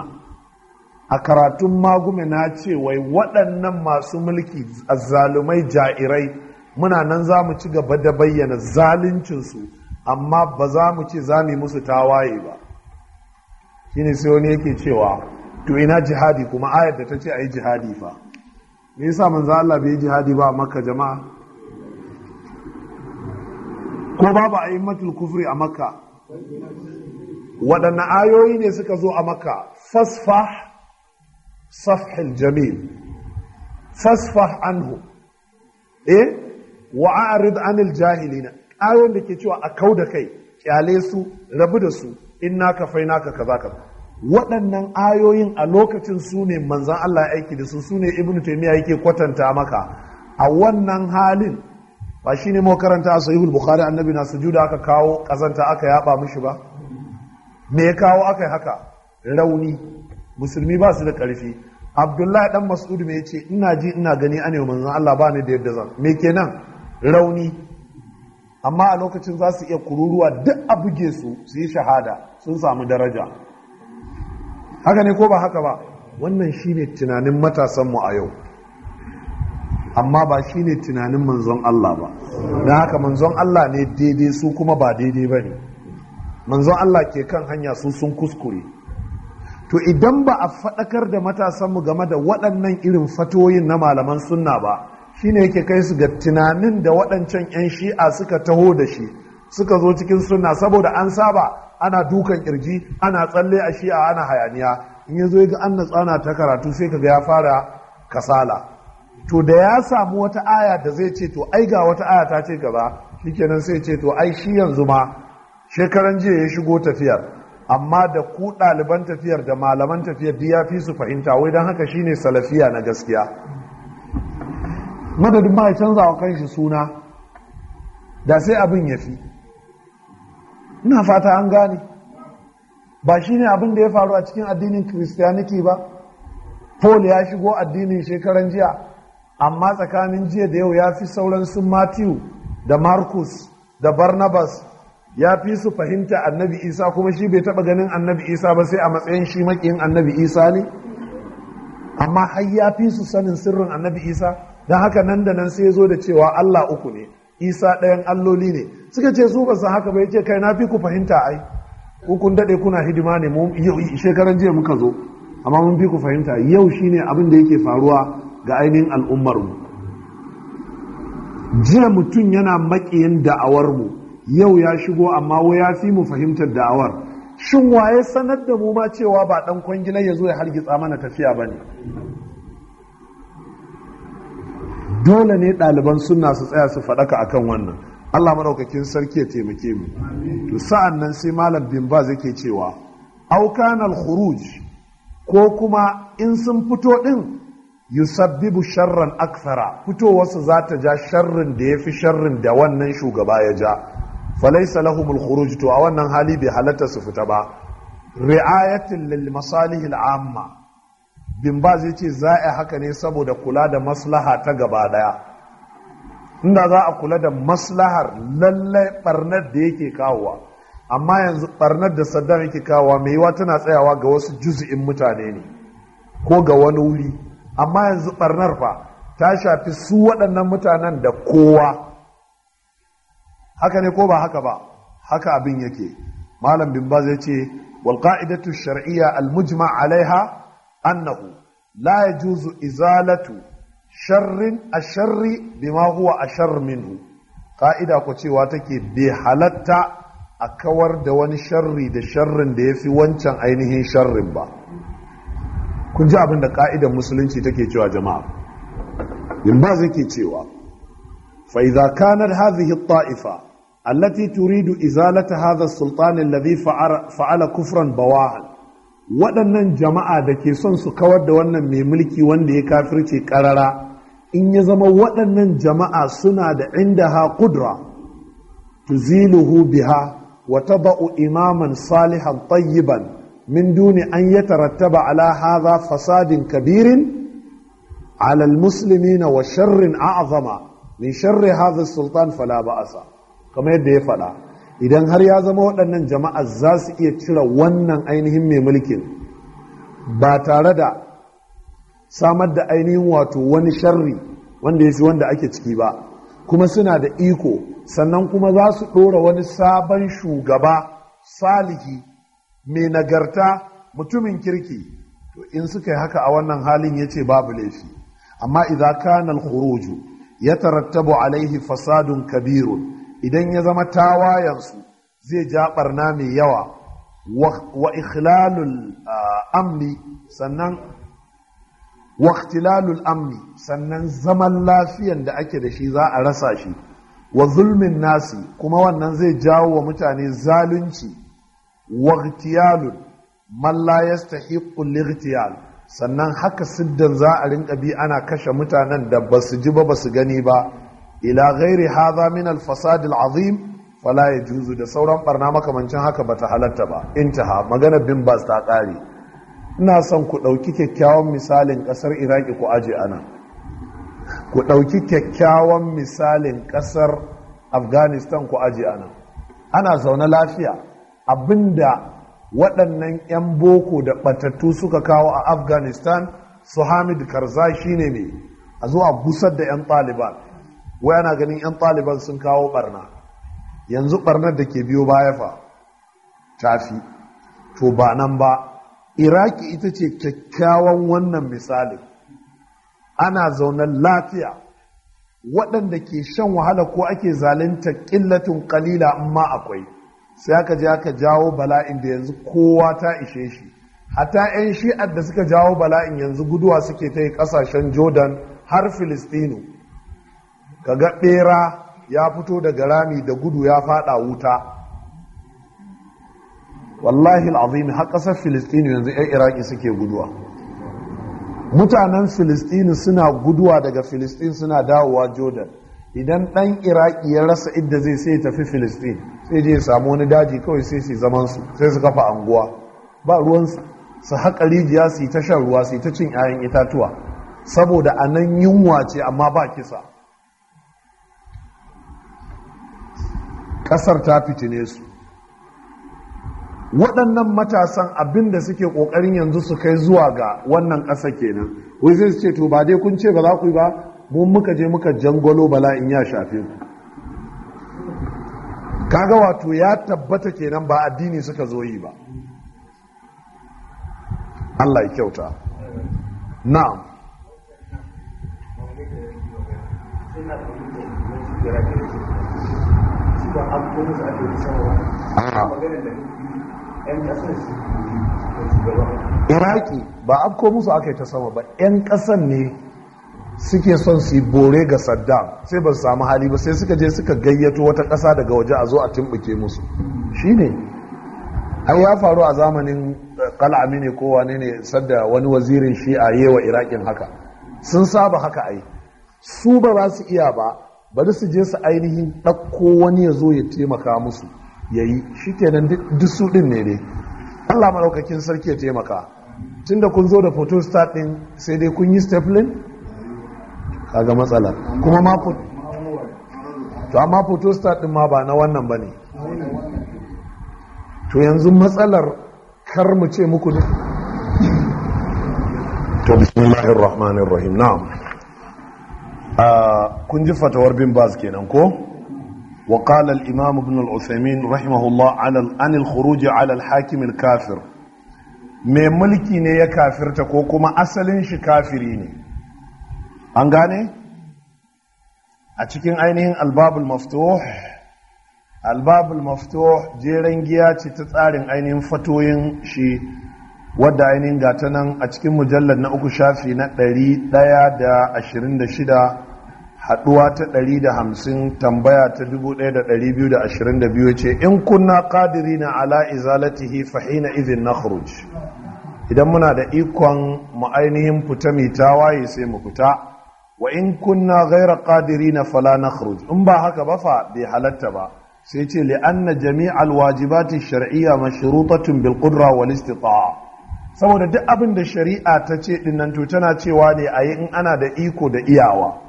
a karatun magume na ce wai waɗannan masu mulki zalumai ja'irai muna nan za mu ci gaba da bayyana zaluncinsu amma ba za mu ce za mu musu tawaye ba shine sai wani yake cewa to ina jihadi kuma ayar da ta ce a yi jihadi fa me yasa manzo Allah bai jihadi ba maka jama'a ko babu a'immatul kufri a makka waɗanne ayoyi ne suka zo a makka fasfah safhil jamil fasfah anhu eh wa a'rid anil jahilina ayoyin da ke cewa a kau da kai kyale su rabu da su na ka fai naka kaza kaza waɗannan ayoyin a lokacin su ne manzan Allah ya aiki da su su ne ibnu taymiya yake kwatanta maka a wannan halin ba shi ne makaranta a sahihul bukhari annabi na sujuda aka kawo kazanta aka yaba mishi ba me ya kawo aka yi haka rauni musulmi ba su da karfi abdullahi dan mas'ud me yace ina ji ina gani ane manzon Allah ba ni da yadda zan me kenan rauni amma a lokacin za su iya kururuwa duk a buge su su yi shahada sun samu daraja haka ne ko ba haka ba wannan shine tunanin matasanmu a yau amma ba shi ne tunanin manzon Allah ba don haka manzon Allah ne daidai su kuma ba daidai ba ne manzon Allah ke kan hanya su sun kuskure to idan ba a faɗakar da matasanmu game da waɗannan irin fatoyin na malaman sunna ba shine yake kai su ga tunanin da waɗancan 'yan shi'a suka taho da shi suka zo cikin sunna saboda an saba ana dukan kirji ana tsalle a shi'a ana hayaniya in ya zo ga an na tsana ta karatu sai ka ga ya fara kasala to da ya samu wata aya da zai ce to ai ga wata aya ta ce gaba shikenan sai ce to ai shi yanzu ma shekaran jiya ya shigo tafiyar amma da ku ɗaliban tafiyar da malaman tafiyar duk ya fi su fahimta wai don haka shine salafiya na gaskiya madadin ma ya canza wa kanshi suna da sai abin ya fi ina fata an gane ba shi ne abin da ya faru a cikin addinin christianity ba paul ya shigo addinin shekaran jiya amma tsakanin jiya da yau ya fi sauran sun Matthew da Markus da Barnabas ya fi su fahimta annabi Isa kuma shi bai taba ganin annabi Isa ba sai a matsayin shi makiyin annabi Isa ne amma har ya fi su sanin sirrin annabi Isa don haka nan da nan sai ya zo da cewa Allah uku ne Isa ɗayan alloli ne suka ce su basu haka ba ce kai na fi ku fahimta ai kun daɗe kuna hidima ne shekaran jiya muka zo amma mun fi ku fahimta yau shine abin da yake faruwa ga ainihin al'ummarmu jiya mutum yana da'awar da'awarmu yau ya shigo amma ya fi mu fahimtar da'awar shin waye sanar da mu ma cewa ba ɗan kwangila ya zo ya hargitsa mana tafiya ba ne dole ne ɗaliban suna su tsaya su faɗaka akan wannan Allah maraukakin sarki ya taimake mu to sa'an nan sai malam bimba ba yake cewa aukanal khuruj ko kuma in sun fito ɗin yusabbibu sharran Aksara. fitowarsa za ta ja sharrin da ya fi sharrin da wannan shugaba ya ja falaisa lahumul khuruj to a wannan hali bai halatta su fita ba ri'ayatin lil masalihil amma bin ba zai ce za a haka ne saboda kula da maslaha ta gaba daya inda za a kula da maslahar lallai barnar da yake kawowa amma yanzu barnar da saddam yake kawowa mai yiwa tana tsayawa ga wasu juzu'in mutane ne ko ga wani wuri amma yanzu ɓarnar fa ta shafi su waɗannan mutanen da kowa haka ne ko ba haka ba haka abin yake malam bin baz yace ce, walƙa'idatu shar'iyya al mujma' annahu la yajuzu izalatu sharrin a asharri bima huwa a ashar minhu ka'ida ko cewa take bai halatta a kawar da wani sharri da sharrin da ya fi wancan ainihin sharrin ba kun ji abin da ka'idar musulunci take cewa jama'a bin ba zai ke cewa faiza kanar hazihi hadhihi at-ta'ifa allati turidu izalata haza as-sultan fa'ala kufran bawahan waɗannan jama'a da ke son su kawar da wannan mai mulki wanda ya kafirce karara in ya zama waɗannan jama'a suna da inda ha kudura tuziluhu biha wa taba'u imaman salihan tayyiban min duni an yatarattaba ala hadha fasadin kabirin على المسلمين وشر أعظم من شر هذا السلطان فلا بأس yadda ya faɗa idan har ya zama waɗannan jama'a za su iya cire wannan ainihin mai mulkin ba tare da samar da ainihin wato wani sharri wanda ya fi wanda ake ciki ba kuma suna da iko sannan kuma za su ɗora wani sabon shugaba salihi mai nagarta mutumin kirki to in suka yi haka a wannan halin ya ce babu laifi amma idan kana al ya tarattabu alaihi fasadun kabirun idan ya zama tawayansu zai ja barna mai yawa wa ikhlalul amni sannan wa ikhtilalul amni sannan zaman lafiyan da ake da shi za a rasa shi wa zulmin nasi kuma wannan zai jawo wa mutane zalunci واغتيال من لا يستحق الاغتيال sannan haka siddan za a rinka bi ana kashe mutanen da ba su ji ba ba su gani ba ila ghairi hadha min al-fasad al-azim fala yajuzu da sauran barna makamancin haka bata halatta ba intaha magana bin ta kare ina son ku dauki kyakkyawan misalin kasar iraki ku aje ana ku dauki kyakkyawan misalin kasar afghanistan ku aje ana ana zaune lafiya abinda waɗannan 'yan boko da ɓatattu suka kawo a afghanistan su hamid karzai shine ne a zo a gusar da 'yan ɗaliban wai ana ganin 'yan ɗaliban sun kawo ɓarna yanzu ɓarnar da ke biyo baya fa tafi to ba nan ba iraki ita ce kyakkyawan wannan misali ana zaunan lafiya waɗanda ke shan wahala ko ake zalunta ƙillatin ƙalila amma akwai sai aka je aka jawo bala'in da yanzu kowa ta ishe shi Hata 'yan shi'ar da suka jawo bala'in yanzu guduwa suke ta yi kasashen jordan har filistinu kaga ɓera ya fito daga rami da gudu ya fada wuta wallahi al'azim har ƙasar filistinu yanzu 'yan iraki suke guduwa mutanen filistinu suna guduwa daga filistin suna dawowa jordan idan ɗan iraki ya rasa idda zai sai tafi filistin sai je samu wani daji kawai sai su zaman su sai su kafa anguwa ba ruwan su haƙa rijiya su yi ta shan ruwa su yi ta cin 'ya'yan itatuwa saboda a nan yunwa ce amma ba kisa ƙasar ta fitine su waɗannan matasan abinda suke ƙoƙarin yanzu su kai zuwa ga wannan ƙasa kenan wai zai ce to ba dai kun ce ba za ku yi ba mun muka je muka jangwalo bala in ya shafe ku kaga wato ya tabbata kenan ba addini suka zo yi ba Allah ya kyauta na'am iraki ba afko musu aka yi ta sama ba 'yan ƙasan ne suke son su bore ga saddam sai ba su samu hali ba sai suka je suka gayyato wata ƙasa daga waje a zo a timbuke musu ne. ai ya faru a zamanin eh, kal'ami ne kowa ne ne sadda wani wazirin shi a yi wa iraƙin haka sun saba haka ai su ba za su iya ba bari su je su ainihin ɗakko wani ya zo ya taimaka musu ya yi shi kenan duk su ɗin ne dai allah maɗaukakin sarki ya taimaka tunda kun zo da photostat ɗin sai dai kun yi stapling kaga matsala kuma ma to amma photostat din ma ba na wannan ba ne to yanzu matsalar kar mu ce muku duk to bismillahir rahmanir rahim na'am ah, kun ji fatawar bin baz kenan ko wa qala al imam ibn al uthaymin rahimahullah ala an al khuruj ala al hakim al kafir mai mulki ne ya kafirta ko kuma asalin shi kafiri ne an gane a cikin ainihin albabul maftuh albabul maftuh jeren giya ce ta tsarin ainihin fatoyin shi wadda ainihin gata nan a cikin mujallar na uku shafi na 126 haduwa ta 150 tambaya ta 1222 ce in kunna na ala izalatihi fahina na na idan muna da ikon mu ainihin fita mai tawaye sai mu fita wa in kunna ghaira qadirina fala nakhruj in ba haka ba fa bai halatta ba sai ce li'anna anna wajibatin al wajibat al shar'iyya mashrutatun bil qudra wal saboda duk abin da shari'a ta ce din to tana cewa ne ayi in ana da iko da iyawa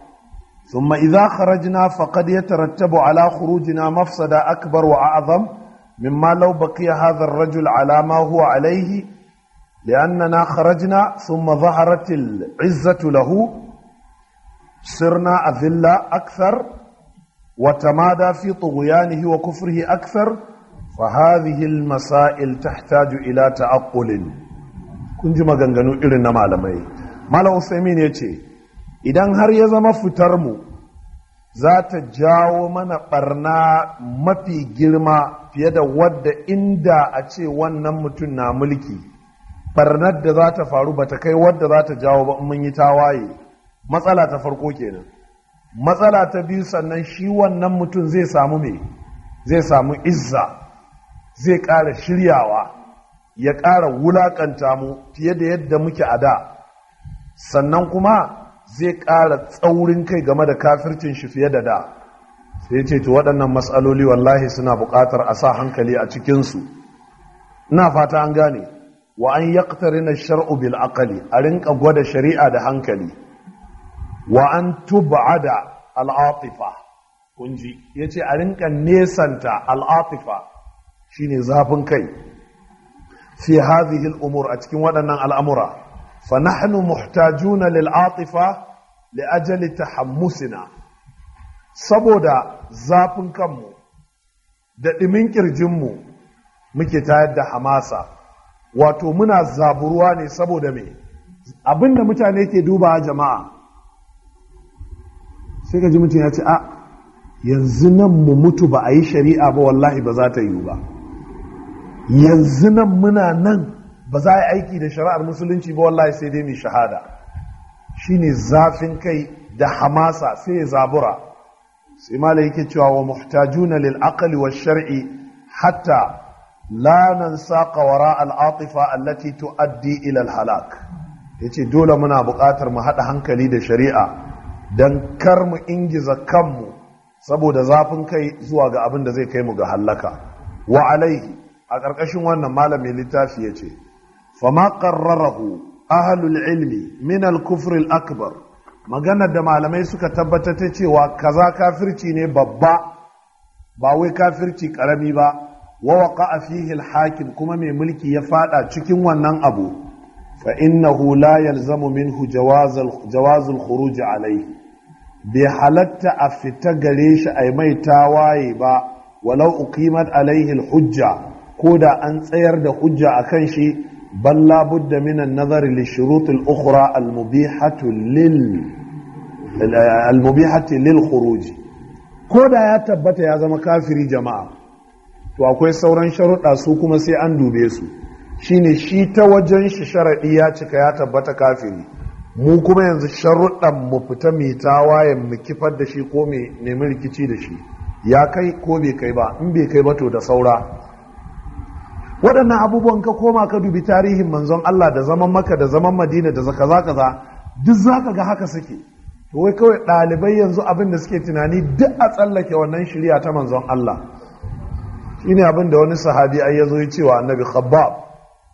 thumma idha kharajna faqad yatarattabu ala khurujina mafsada akbar wa a'zam mimma law baqiya hadha ar-rajul ala ma huwa alayhi لأننا خرجنا ثم ظهرت العزة له sirna azilla akthar wa tamada fi tughyanihi wa kufurhi aksar. fa masail tahtaju ila ta'aqqulin kun ji maganganu irin na malamai malam Saminu ya ce idan har ya zama fitar mu za ta jawo mana ɓarna mafi girma fiye da wadda inda a ce wannan mutum na mulki ɓarnar da za ta faru ba ta kai wadda za ta jawo ba in mun yi tawaye matsala ta farko kenan matsala ta biyu sannan shi wannan mutum zai samu mai zai samu izza zai ƙara shiryawa ya ƙara wulaƙanta mu fiye da yadda muke a da sannan kuma zai ƙara tsaurin kai game da kafircin shi fiye da da sai ce to waɗannan matsaloli wallahi suna buƙatar a sa hankali a cikinsu ina fata an gane wa an yaktarina shar'u bil a rinka gwada shari'a da hankali wa an tub'ada al'atifa kunji yace a rinka nesanta al'atifa shine zafin kai fi hadhihi umur a cikin waɗannan al'amura fa muhtajuna lil'atifa li ajali tahammusina saboda zafin kanmu da ɗimin ƙirjinmu muke tayar da hamasa wato muna zaburuwa ne saboda me abinda mutane ke duba jama'a sai ka ji mutum ya ce a ah, yanzu nan mu mutu ba a yi shari'a ba wallahi ba za ta yiwu ba yanzu nan muna nan ba za a yi aiki da shari'ar musulunci ba wallahi sai dai mai shahada shine zafin kai da hamasa sai ya zabura sai malai yake cewa wa muhtajuna lil aqli wa shar'i hatta la nansa qawara al atifa allati tuaddi ila al halak yace dole muna buƙatar mu haɗa hankali da shari'a don kar mu ingiza kanmu saboda zafin kai zuwa ga abin da zai kai mu ga hallaka wa alaihi a ƙarƙashin wannan malamin littafi ya ce fama ƙarrarahu ahalul ilmi min al akbar maganar da malamai suka tabbatar ta cewa kaza kafirci ne babba ba wai kafirci ƙarami ba wa waqa fihi al-hakim kuma mai mulki ya fada cikin wannan abu fa innahu la yalzamu minhu jawazul khuruj alayhi bai halatta a fita gare shi a mai tawaye ba walau uqimat alaihi hujja ko da an tsayar da hujja a kan shi bal labudda min an-nazar li shurut ukhra al-mubihatu lil al lil khuruj ko da ya tabbata ya zama kafiri jama'a to akwai sauran sharuɗa su kuma sai an dube su shine shi ta wajen shi sharaɗi ya cika ya tabbata kafiri mu kuma yanzu sharuɗan mu fita mai tawayen mu kifar da shi ko mai nemi rikici da shi ya kai ko bai kai ba in bai kai ba to da saura waɗannan abubuwan ka koma ka dubi tarihin manzon Allah da zaman maka da zaman madina da zaka zaka za duk zaka ga haka suke to wai kawai ɗalibai yanzu abin da suke tunani duk a tsallake wannan shirya ta manzon Allah Shi ne abin da wani sahabi ai yazo ya cewa annabi khabbab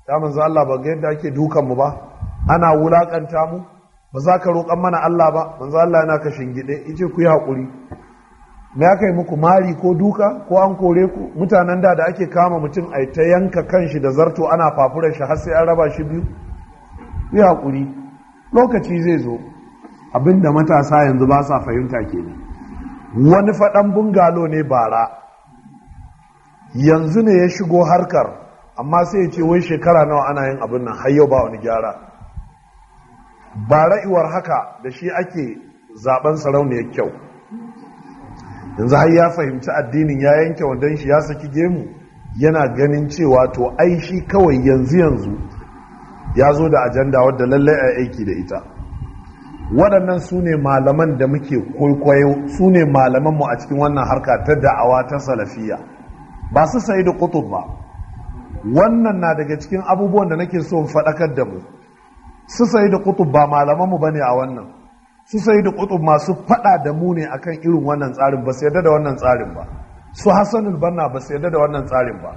ta manzon Allah ba ga yadda ake dukan mu ba ana wulakanta mu ba za ka roƙan mana Allah ba manzo Allah yana ka shingide yace ku yi hakuri me aka yi muku mari ko duka ko an kore ku mutanen da da ake kama mutum a ta yanka kanshi da zarto ana fafuran shi har sai an raba shi biyu ku yi hakuri lokaci zai zo abinda matasa yanzu ba sa fahimta kenan wani faɗan bungalo ne bara yanzu ne ya shigo harkar amma sai ya ce wai shekara nawa ana yin abin nan har yau ba wani gyara ba ra'iwar haka da shi ake zaben sarauniya kyau yanzu har ya fahimci addinin ya yanke wandon shi ya saki gemu yana ganin cewa to ai shi kawai yanzu yanzu ya zo da ajanda wadda lallai a aiki da ita waɗannan su ne malaman da muke kwaikwayo su ne malamanmu a cikin wannan harka ta da'awa ta salafiya ba su sayi da kutub ba wannan na daga cikin abubuwan da nake so faɗakar da mu su sai da kutub ba malamanmu mu bane a wannan su sai da kutub masu faɗa da mu ne akan irin wannan tsarin ba su yarda da wannan tsarin ba su hassanul banna ba su yarda da wannan tsarin ba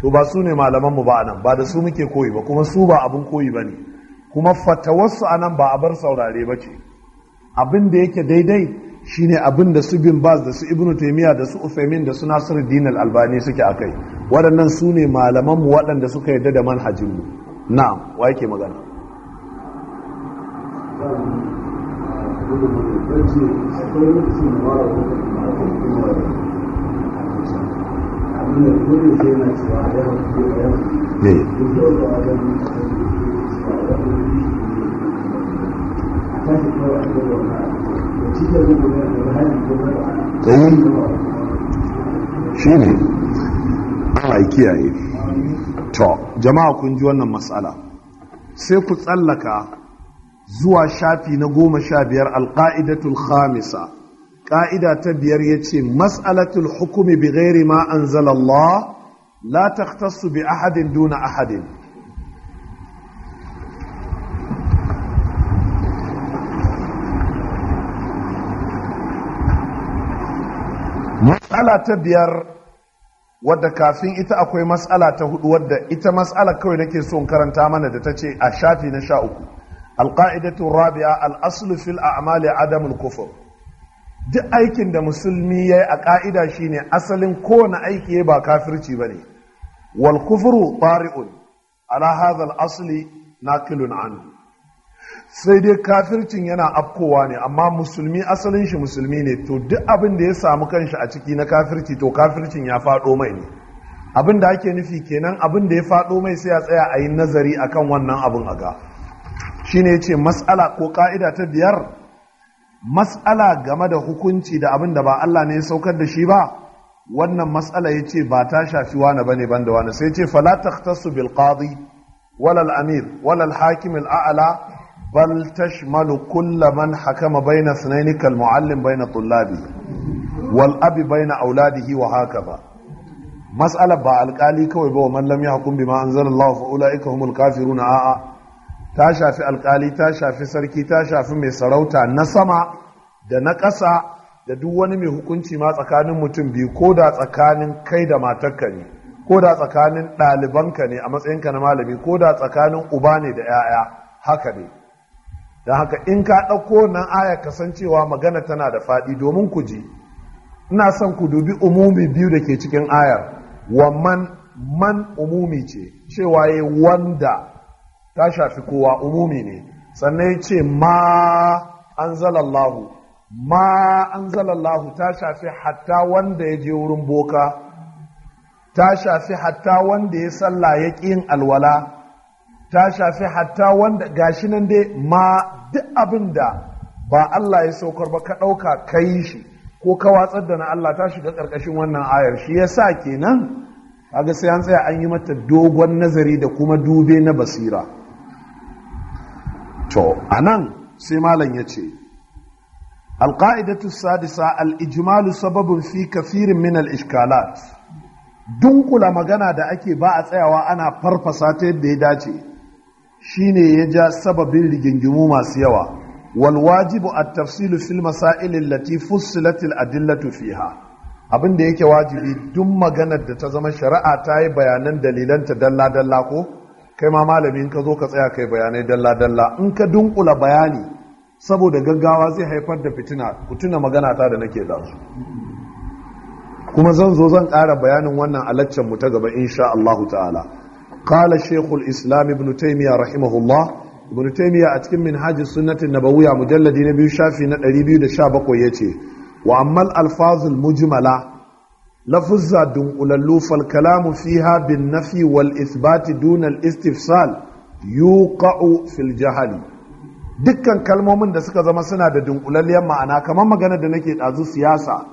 to ba su ne malamanmu ba anan ba da su muke koyi ba kuma su ba abin koyi ba ne kuma fatawarsu anan ba a bar saurare ba ce abin da yake daidai shine abin da su bin baz da su ibnu taimiya da su ufemin da su nasiruddin al-albani suke akai waɗannan su ne mu waɗanda suka yarda da manhajin mu na'am wa yake magana shi ne ana kiyaye to jama'a kun ji wannan matsala sai ku tsallaka zuwa shafi na goma sha biyar alƙa'idatul khamisa ƙa'ida ta biyar ya ce mas'alatul hukumi bi ghairi ma anzalallah la takhtassu bi ahadin duna ahadin mas'ala ta biyar wadda kafin ita akwai mas'ala ta hudu wadda ita mas'ala kawai nake son karanta mana da ta ce a shafi na sha uku القاعدة rabi'a الأصل fil a'mali adamul kufur duk aikin da musulmi ya yi a ƙa'ida shine asalin kowane aiki ba kafirci ba ne wal kufuru tari'un asli sai dai kafircin yana afkowa ne amma musulmi asalin shi musulmi ne to duk abin da ya samu kanshi a ciki na kafirci to kafircin ya faɗo mai ne abin da ake nufi kenan abin da ya faɗo mai sai ya tsaya a yi nazari akan wannan abin a ga shine yace mas'ala ko ka'ida ta biyar mas'ala game da hukunci da abin da ba Allah ne ya saukar da shi ba wannan mas'ala yace ba ta shafi wani bane da wani sai ce fala takhtassu bil qadi wala al amir wala al hakim al a'la bal tashmalu kull man hakama baina ithnayn kal muallim baina tullabi wal abi baina auladihi wa ba. mas'alar ba alkali kawai ba wa mallam ya hukum bima anzalallahu fa ulaika humul kafiruna a'a ta shafi alkali ta shafi sarki ta shafi mai sarauta na sama da na ƙasa da duk wani mai hukunci ma tsakanin mutum biyu ko da tsakanin kai da matarka ne ko da tsakanin ɗalibanka ne a matsayinka na malami ko da tsakanin uba ne da 'ya'ya haka ne don haka in ka ɗauko nan aya kasancewa magana tana da faɗi domin ku ji ina son ku dubi umumi biyu da ke cikin ayar wa man man umumi ce cewa ya wanda ta shafi kowa umumi ne sannan ya ce ma zalallahu ma zalallahu ta shafi hatta wanda ya je wurin boka ta shafi hatta wanda ya sallah ya ƙin alwala ta shafi hatta wanda gashi nan dai ma duk abin da ba Allah ya saukar ba ka ɗauka ka yi shi ko ka watsar da na Allah ta shiga ƙarƙashin wannan ayar shi ya sa kenan ga sai an tsaya an yi mata dogon nazari da kuma dube na basira to anan sai malam ya ce alƙa'idatu sadisa al'ijimalu sababin fi kafirin min al'ishkalat dunkula magana da ake ba a tsayawa ana farfasa ta yadda ya dace shine ya ja sababin rigingimu masu yawa والواجب التفصيل في المسائل التي فصلت adillatu فيها abin da yake wajibi duk maganar da ta zama shari'a ta yi bayanan dalilanta dalla-dalla ko kai ma malami in ka zo ka tsaya kai bayanai dalla-dalla in ka dunkula bayani saboda gaggawa zai haifar da fitina ku tuna magana ta da nake da su kuma zan zo zan ƙara bayanin wannan alaccen mu ta gaba insha Allah ta'ala qala shaykhul islam ibn taymiya rahimahullah ibn taymiya a cikin Sunatin sunnati nabawiyya mujalladi na biyu shafi na 217 yace wa ammal alfazul mujmala lafuzza dunƙulallu, fal kalamu fiha bin nafi wal isbati duna al istifsal yuqa'u fil jahali dukkan kalmomin da suka zama suna da dunkulalliyar ma'ana kamar magana da nake ɗazu siyasa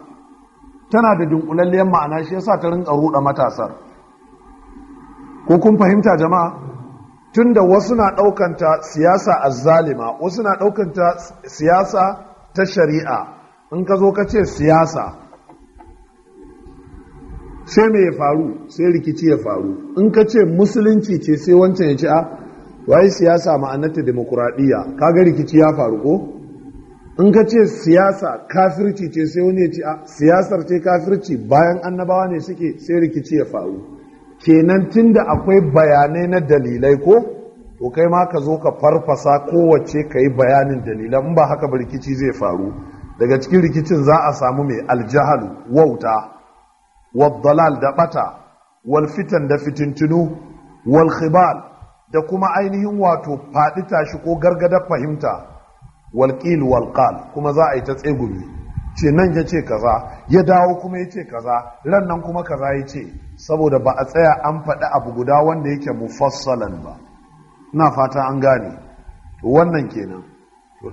tana da dunkulalliyar ma'ana shi yasa ta rinka ruɗa matasar ko kun fahimta jama'a tunda wasu na ɗaukanta siyasa azzalima wasu na ɗaukanta siyasa ta shari'a in ka zo ka ce siyasa sai me ya faru sai rikici ya faru in ka ce musulunci ce sai wancan ya ce a ah, waye siyasa ma'anarta demokuraɗiyya kaga rikici ya faru ko in ka ce siyasa kafirci ce sai wani ya ce a ah, siyasar ce kafirci bayan annabawa ne suke sai rikici ya faru kenan tunda akwai bayanai na dalilai ko to kai ma ka zo ka farfasa kowace ka yi bayanin dalilan in ba haka ba rikici zai faru daga cikin rikicin za a samu mai aljahalu wauta والضلال da ɓata, walfitan da fitintinu wal khibal da kuma ainihin wato faɗi tashi ko gargadar fahimta wal walkal kuma za a yi ta tsegumi ce nan ya ce kaza ya dawo kuma ya ce kaza ran nan kuma kaza ya ce saboda ba a tsaya an faɗi abu guda wanda yake mufassalan ba ina fata an gane wannan kenan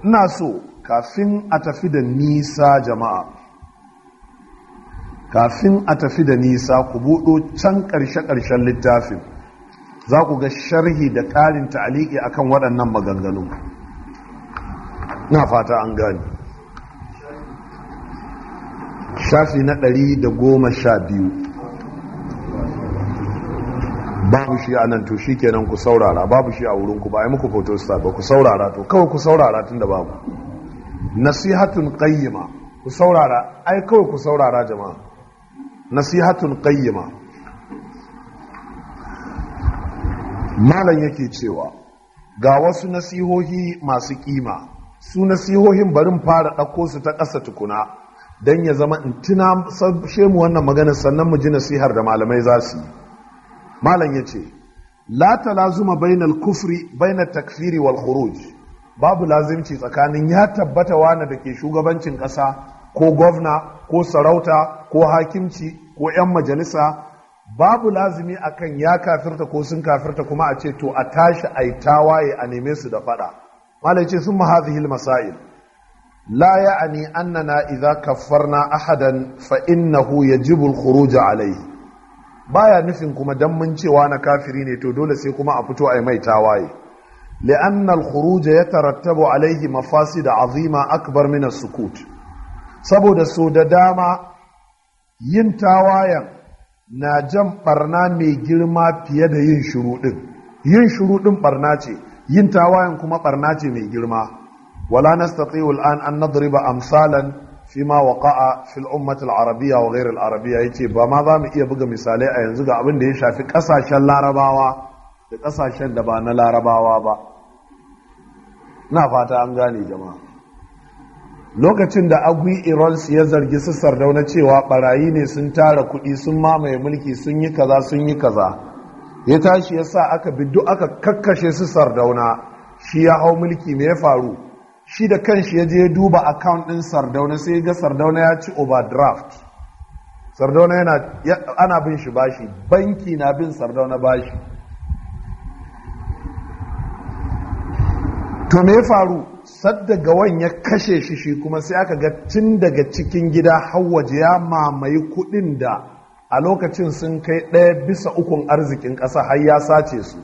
ina so kafin a tafi da nisa jama'a kafin a tafi da nisa ku buɗo can ƙarshe-ƙarshen littafin za ku ga sharhi da ƙarin ta'aliki akan waɗannan maganganu na fata an gani shafi na ɗari da goma sha biyu babu shi a nan to shi kenan ku saurara babu shi a wurinku ba a yi muku star ba ku saurara to kawai ku saurara tun da babu nasihatun ƙayyima ku saurara ai kawai ku saurara jama'a nasihatun qayyima malam yake cewa ga wasu nasihohi masu kima su nasihohin barin fara ɗauko su ta ƙasa tukuna don ya zama in tuna sashe mu wannan magana sannan mu ji nasihar da malamai za su yi malam ya ce la talazuma bainal kufri bainal takfiri wal khuruj babu lazimci tsakanin ya tabbata wani da ke shugabancin ƙasa ko gwamna ko sarauta ko hakimci ko 'yan majalisa babu lazumi akan ya kafirta ko sun kafirta kuma a ce to a tashi a yi tawaye a neme su da fada malaice sun mahazi hil masail la ya'ani annana idza kaffarna ahadan fa innahu yajibu al-khuruj alayhi baya nufin kuma dan mun cewa na kafiri ne to dole sai kuma a fito a yi mai tawaye li'anna al-khuruj alaihi mafasi da azima akbar min as-sukut saboda so da dama yin tawayan na jan barna mai girma fiye da yin shuruɗin yin shuruɗin barna ce yin tawayan kuma barna ce mai girma wala nastati'u al'an an nadriba amsalan fima waqa'a fil ummati al-arabiyya wa ghayr al-arabiyya yace ba ma za mu iya buga misalai a yanzu ga abin da ya shafi kasashen larabawa da kasashen da ba na larabawa ba na fata an gane jama'a lokacin da agui irons ya zargi su sardauna cewa barayi ne sun tara kuɗi sun mamaye mulki sun yi kaza sun yi kaza ya tashi ya sa aka biddu aka kakkashe su sardauna shi ya hau mulki me faru shi da kanshi ya je duba account ɗin sardauna sai ga sardauna ya ci overdraft sardauna yana ana bin shi bashi banki na bin sardauna bashi to me ya faru sadda gawan ya kashe shi shi kuma sai aka ga tun daga cikin gida waje ya mamaye kudin da a lokacin sun kai ɗaya bisa ukun arzikin ƙasa har ya sace su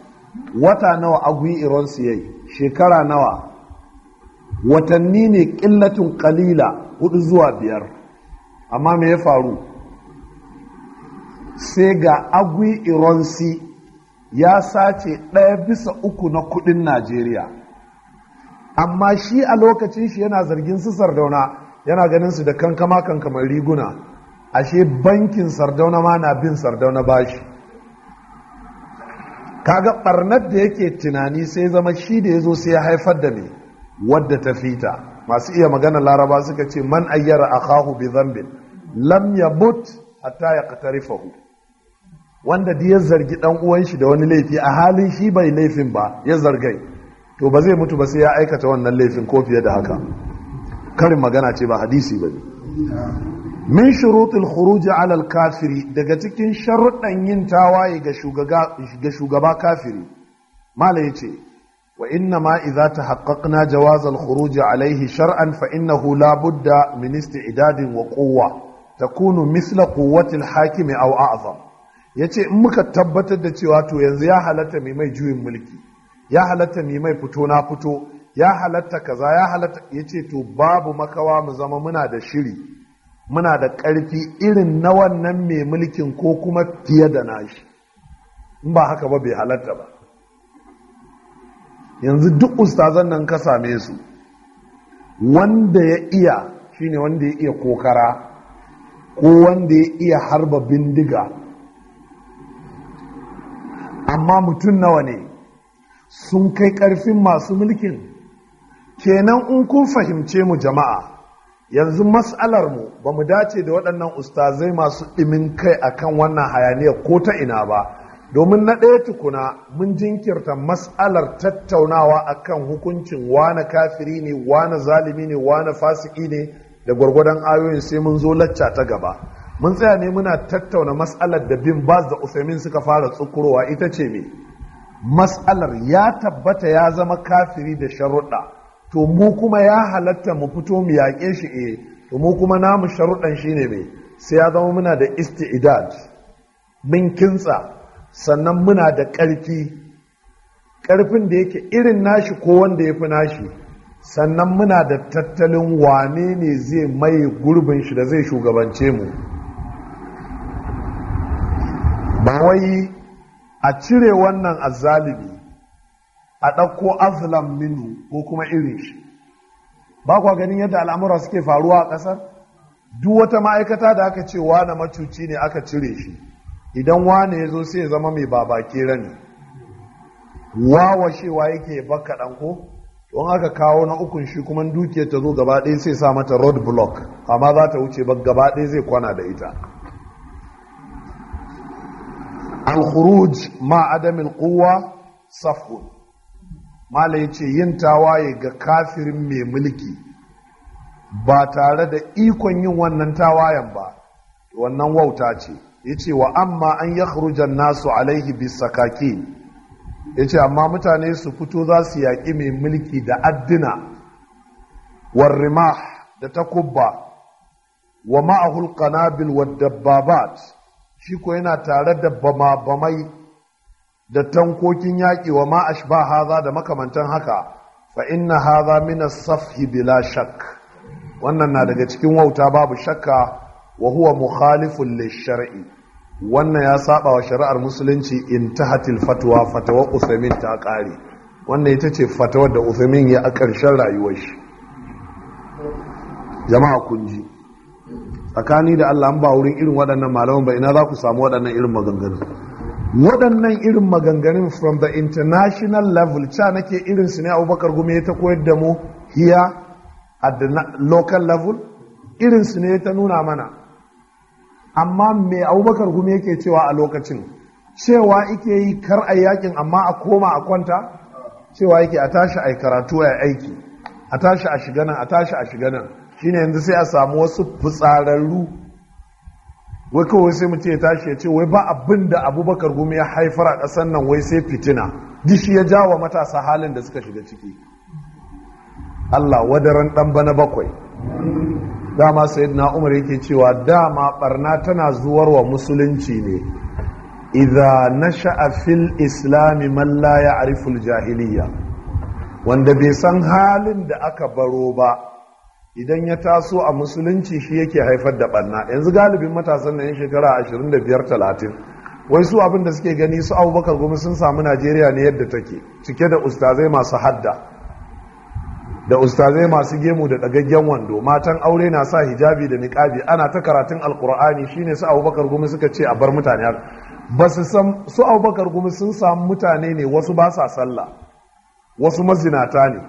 wata nawa agwi ironsu yayi shekara nawa watanni ne ƙillatin ƙalila hudu zuwa biyar amma me ya faru sai ga agwi ironsi ya sace ɗaya bisa uku na kudin najeriya amma shi a lokacin shi yana zargin su sardauna yana ganin su da kankama kankaman riguna ashe bankin sardauna ma na bin sardauna bashi kaga barnar da yake tunani sai zama shi da ya zo sai ya haifar da ne wadda ta fita masu iya magana laraba suka ce man ayyara akahu bi zambin lam but hatta ya fahu wanda da ya zargi dan uwan shi da wani laifi a halin shi bai laifin ba ya zargai to ba zai mutu ba sai ya aikata wannan laifin ko fiye da haka karin magana ce ba hadisi ba min shurutul khuruj ala al kafiri daga cikin sharuɗan yin tawaye ga shugaba kafiri mala yace wa inna ma idza tahaqqaqna jawaz al khuruj alayhi shar'an fa innahu la budda min isti'dadin wa quwwa takunu misla quwwati al hakim aw a'zam yace in muka tabbatar da cewa to yanzu ya halatta mai mai juyin mulki ya halatta ni mai fito na fito ya halatta kaza ya halatta ya ce to babu makawa mu zama muna da shiri muna da ƙarfi irin na wannan mai mulkin ko kuma fiye da nashi in ba haka ba bai halatta ba yanzu duk ustazan nan ka same su wanda ya iya shine wanda ya iya kokara ko wanda ya iya harba bindiga amma mutum nawa ne sun kai ƙarfin masu mulkin kenan in kun fahimce mu jama'a yanzu mu ba mu dace da waɗannan ustazai masu ɗimin kai akan wannan hayaniyar ko ta ina ba domin na ɗaya tukuna mun jinkirta mas'alar tattaunawa akan hukuncin wane kafiri ne wane zalimi ne wane fasiki ne da gwargwadon ayoyin sai mun zo lacca ta gaba mun tsaya ne muna tattauna mas'alar da bin bas da usaimin suka fara tsukurowa ita ce me matsalar ya tabbata ya zama kafiri da sharuɗa to mu kuma ya halatta mu fito mu yaƙe shi eh to mu kuma namu sharuɗan shine mai sai ya zama muna da isti'idad min kintsa sannan muna da ƙarfi ƙarfin da yake irin nashi ko wanda ya fi nashi sannan muna da tattalin wane ne zai maye gurbin shi da zai shugabance mu ba wai a cire wannan azzalimi a ɗauko azlam minu ko kuma irin shi ba kwa ganin yadda al'amura suke faruwa a ƙasar duk wata ma'aikata da aka ce wane macuci ne aka cire shi idan wane ya zo sai ya zama mai babake rani wawashewa yake baka ɗanko don aka kawo na ukun shi kuma dukiyar ta zo gaba ɗaya sai sa mata road block amma za ta wuce ba gaba ɗaya zai kwana da ita alkhuruj ma adamin kowa Safun. mala ya ce yin tawaye ga kafirin mai mulki ba tare da ikon yin wannan tawayen ba wannan wauta ce ya ce wa amma an ya kharujan nasu alaihi bisakaki ya ce amma mutane su fito za su yaƙi mai mulki da addina warrimah da takubba wa ma'ahul kanabil wa dabbabat shi ko yana tare da bama-bamai da tankokin yaƙi wa ma ba haza da makamantan haka fa inna haza mina safhi bila shak wannan na daga cikin wauta babu shakka wa huwa mukhalifun shari'i wannan ya saba wa shari'ar musulunci in intahatil fatuwa fatawa Uthamin ta ƙare. wannan ita ce fatawar da Uthamin ya a ƙarshen rayuwar shi jama'a kun ji tsakani da Allah an ba wurin irin waɗannan malaman ba ina za ku samu waɗannan irin maganganu? waɗannan irin maganganun from the international level ca nake irin su ne abubakar gume ta koyar da mu here at the local level irin su ne ta nuna mana amma me abubakar gume yake cewa a lokacin cewa ike yi kar a yakin amma a koma a kwanta cewa yake a tashi a karatu a aiki a tashi a shiga a tashi a shiga shine yanzu sai a samu wasu fitsararru wai kawai sai mutum ya tashi ya ce wai ba abin da abubakar gumi ya haifar a ƙasar nan wai sai fitina dishi ya ja wa matasa halin da suka shiga ciki allah wadaran ɗan bana bakwai dama na umar yake cewa dama barna tana zuwar wa musulunci ne idha na fil islami mallaya la ya'rifu jahiliya wanda bai san halin da aka baro ba idan ya taso a musulunci shi yake haifar da ɓanna yanzu galibin matasan na yan shekara 25-30 wai su abin da suke gani su abubakar gumi sun samu najeriya ne yadda take cike da ustazai masu hadda da ustazai masu gemu da ɗagaggen wando matan aure na sa hijabi da niƙabi ana ta karatun alkur'ani shine su abubakar gumi suka ce a bar mutane ba su san su abubakar gumi sun samu mutane ne wasu ba sa sallah wasu mazinata ne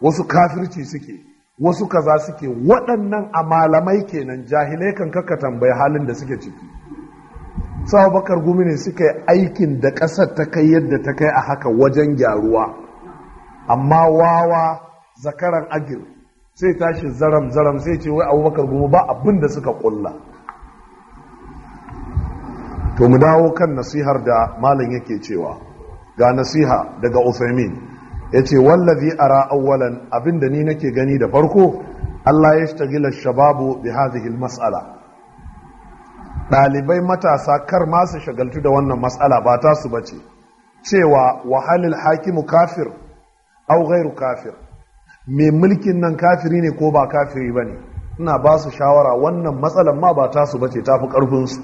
wasu kafirci suke wasu kaza suke waɗannan a malamai kenan jahilai kan kaka tambayi halin da suke ciki sawa bakar gumi ne suka yi aikin da ƙasar ta kai yadda ta kai a haka wajen gyaruwa amma wawa zakaran agir sai tashi zaram zaram sai ce wai abubakar gumi ba abin da suka ƙulla to mu dawo kan nasihar da malam yake cewa ga nasiha daga Uthaymin ya ce wallazi ara abin da ni nake gani da farko Allah ya shtagila shababu bi hadhihi mas'ala ɗalibai matasa kar ma su shagaltu da wannan mas'ala ba ta su bace cewa wahalil hakimu kafir au ghairu kafir mai mulkin nan kafiri ne ko ba kafiri bane ina ba su shawara wannan matsalan ma ba ta su bace tafi karfin su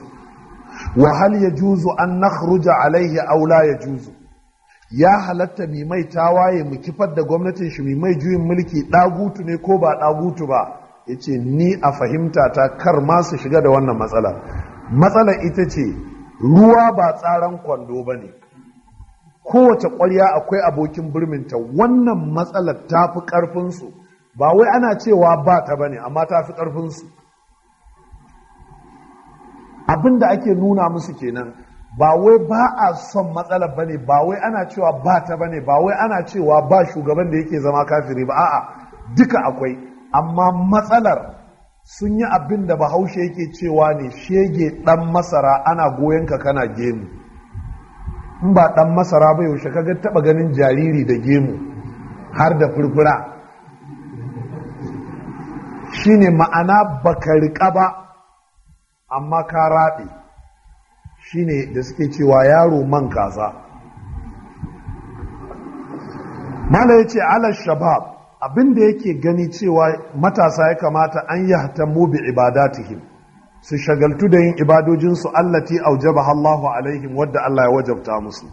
Wahal ya yajuzu an nakhruja alaihi aula la yajuzu ya halatta mai mai tawaye mu kifar da gwamnatin shi mai mai juyin mulki ɗagutu ne ko ba ɗagutu ba ya ce ni a fahimta ta kar ma su shiga da wannan matsala matsalar ita ce ruwa ba tsaron kwando ba ne kowace kwarya akwai abokin birminta wannan matsalar ta fi ƙarfinsu ba wai ana cewa ba ta ba ne amma ta fi ƙarfinsu abin da ake nuna musu kenan ba wai ba a son matsalar bane ba wai ana cewa ba ta bane ba wai ana cewa ba shugaban da yake zama kafiri ba a'a duka akwai amma matsalar sun yi abin da bahaushe yake cewa ne shege dan masara ana goyon ka kana gemu in ba dan masara ba yaushe kaga taba ganin jariri da gemu har da furfura shine ma'ana baka rika ba amma ka raɓe shine da suke cewa yaro man kaza mala ya ce ala shabab abin da yake gani cewa matasa ya kamata an yi hatammu bi ibadatihim su shagaltu da yin ibadojinsu allati aujaba Allahu alaihim wadda Allah ya wajabta musu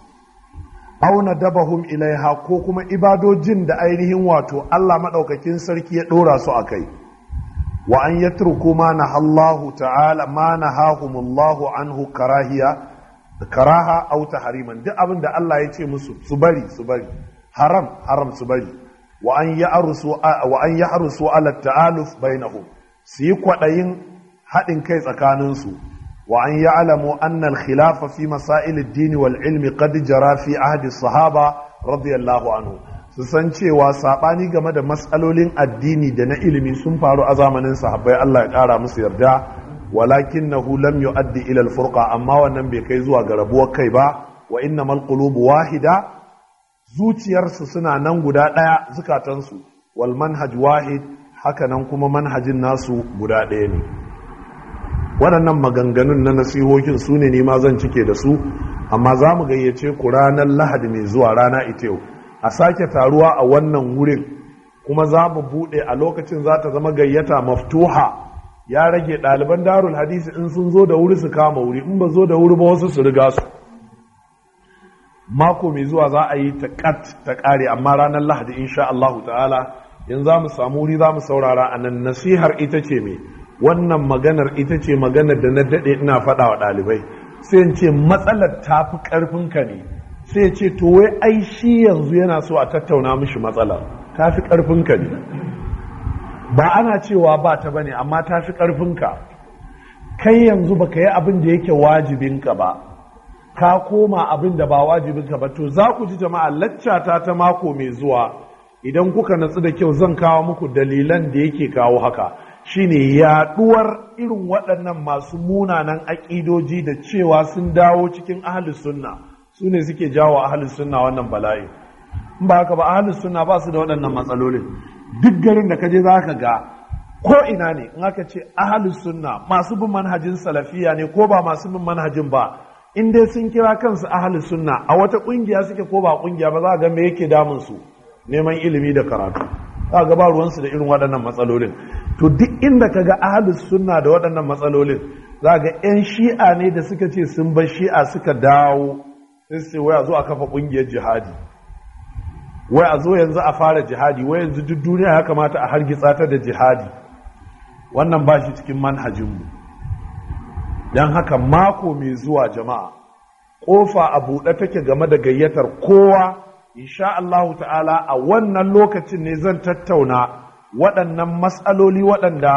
auna dabahum ilaiha ko kuma ibadojin da ainihin wato Allah maɗaukakin sarki ya ɗora su a kai wa an yatruku ma nahallahu ta'ala ma nahahumullahu anhu karahiya karaha aw tahriman duk abin da Allah ya ce musu su bari su bari haram wa an ya'rusu wa ala ta'aluf bainahum kwadayin haɗin kai tsakaninsu وأن يعلموا أن الخلاف في مسائل الدين والعلم قد جرى في عهد الصحابة رضي الله عنهم su san cewa saɓani game da matsalolin addini da na ilimi sun faru a zamanin sahabbai Allah ya ƙara musu yarda walakin na lam yu'addi ila al-furqa amma wannan bai kai zuwa ga rabuwar kai ba wa innamal qulubu wahida zuciyarsu suna nan guda ɗaya zukatansu wal manhaj wahid haka nan kuma manhajin nasu guda ɗaya ne waɗannan maganganun na nasihohin su ne ma zan cike da su amma za mu gayyace ku ranar lahadi mai zuwa rana ita yau a sake taruwa a wannan wurin kuma za mu buɗe a lokacin za ta zama gayyata maftuha ya rage ɗaliban darul hadisi in sun zo da wuri su kama wuri in ba zo da wuri ba wasu su riga su mako mai zuwa za a yi ta ta ƙare amma ranar lahadi in sha Allah ta'ala yanzu za mu samu wuri za mu saurara a nan nasihar ita ce mai wannan maganar ita ce maganar da na daɗe ina faɗa wa ɗalibai sai in ce matsalar ta fi ka ne sai ce to wai ai shi yanzu yana so a tattauna mishi matsala ta fi ƙarfinka ne ba ana cewa ba ta bane amma ta fi ƙarfinka kai yanzu ba ka yi abin da yake wajibinka ba ka koma abin da ba wajibinka ba to za ku ji jama'a laccata ta mako mai zuwa idan kuka natsu da kyau zan kawo muku dalilan da yake kawo haka shine yaduwar irin waɗannan masu munanan aƙidoji da cewa sun dawo cikin ahlus sunna su ne suke jawo a halin suna wannan bala'i in ba haka ba ahalus sunna ba su da waɗannan matsalolin duk garin da kaje za ka ga ko ina ne in aka ce halin suna masu bin manhajin salafiya ne ko ba masu bin manhajin ba in dai sun kira kansu halin suna a wata ƙungiya suke ko ba ƙungiya ba za ga me yake damun su neman ilimi da karatu za ga ba ruwansu da irin waɗannan matsalolin to duk inda ka ga ahalus suna da waɗannan matsalolin za ga 'yan shi'a ne da suka ce sun bar shi'a suka dawo sai su ce wai a zo a kafa ƙungiyar jihadi wai a zo yanzu a fara jihadi wai yanzu duk duniya ya kamata a hargitsa ta da jihadi wannan ba shi cikin manhajinmu don haka mako mai zuwa jama'a ƙofa a buɗe take game da gayyatar kowa insha Allahu ta'ala a wannan lokacin ne zan tattauna waɗannan matsaloli waɗanda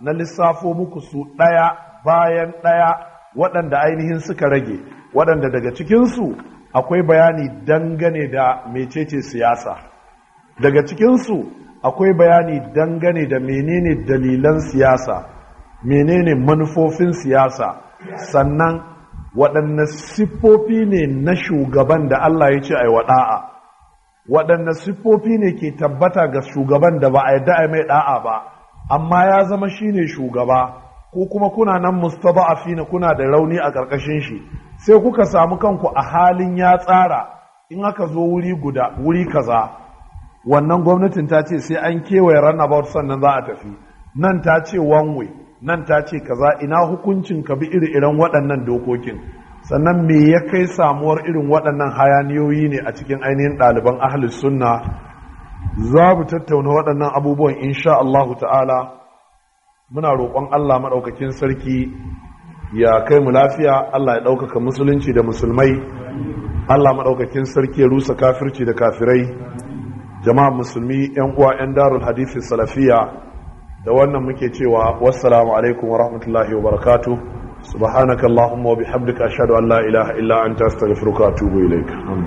na lissafo muku su ɗaya bayan ɗaya waɗanda ainihin suka rage waɗanda daga cikinsu akwai bayani dangane da mecece siyasa daga cikinsu akwai bayani dangane da menene dalilan siyasa menene manufofin siyasa sannan waɗanne siffofi ne na shugaban da Allah ya ce a yi waɗa'a waɗanne siffofi ne ke tabbata ga shugaban da ba a yadda a mai ɗa'a ba amma ya zama shi ne shugaba ko kuma kuna nan a na kuna da rauni a ƙarƙashin shi sai kuka samu kanku a halin ya tsara in aka zo wuri guda wuri kaza wannan gwamnatin ta ce sai an kewaye runabout sannan za a tafi nan ta ce one way nan ta ce kaza ina hukuncin ka bi iri-iren waɗannan dokokin sannan me ya kai samuwar irin waɗannan hayaniyoyi ne a cikin ainihin ɗaliban ahlus sunna za mu tattauna waɗannan abubuwan insha Allah ta'ala muna roƙon Allah maɗaukakin sarki ya kai mu lafiya Allah ya ɗaukaka musulunci da musulmai Allah maɗaukakin sarki ya rusa kafirci da kafirai jama'a musulmi 'yan uwa 'yan darul hadisi salafiya da wannan muke cewa wassalamu alaikum wa rahmatullahi wa barakatu subhanakallahumma wa bihamdika ashhadu an la ilaha illa anta astaghfiruka wa atubu ilaik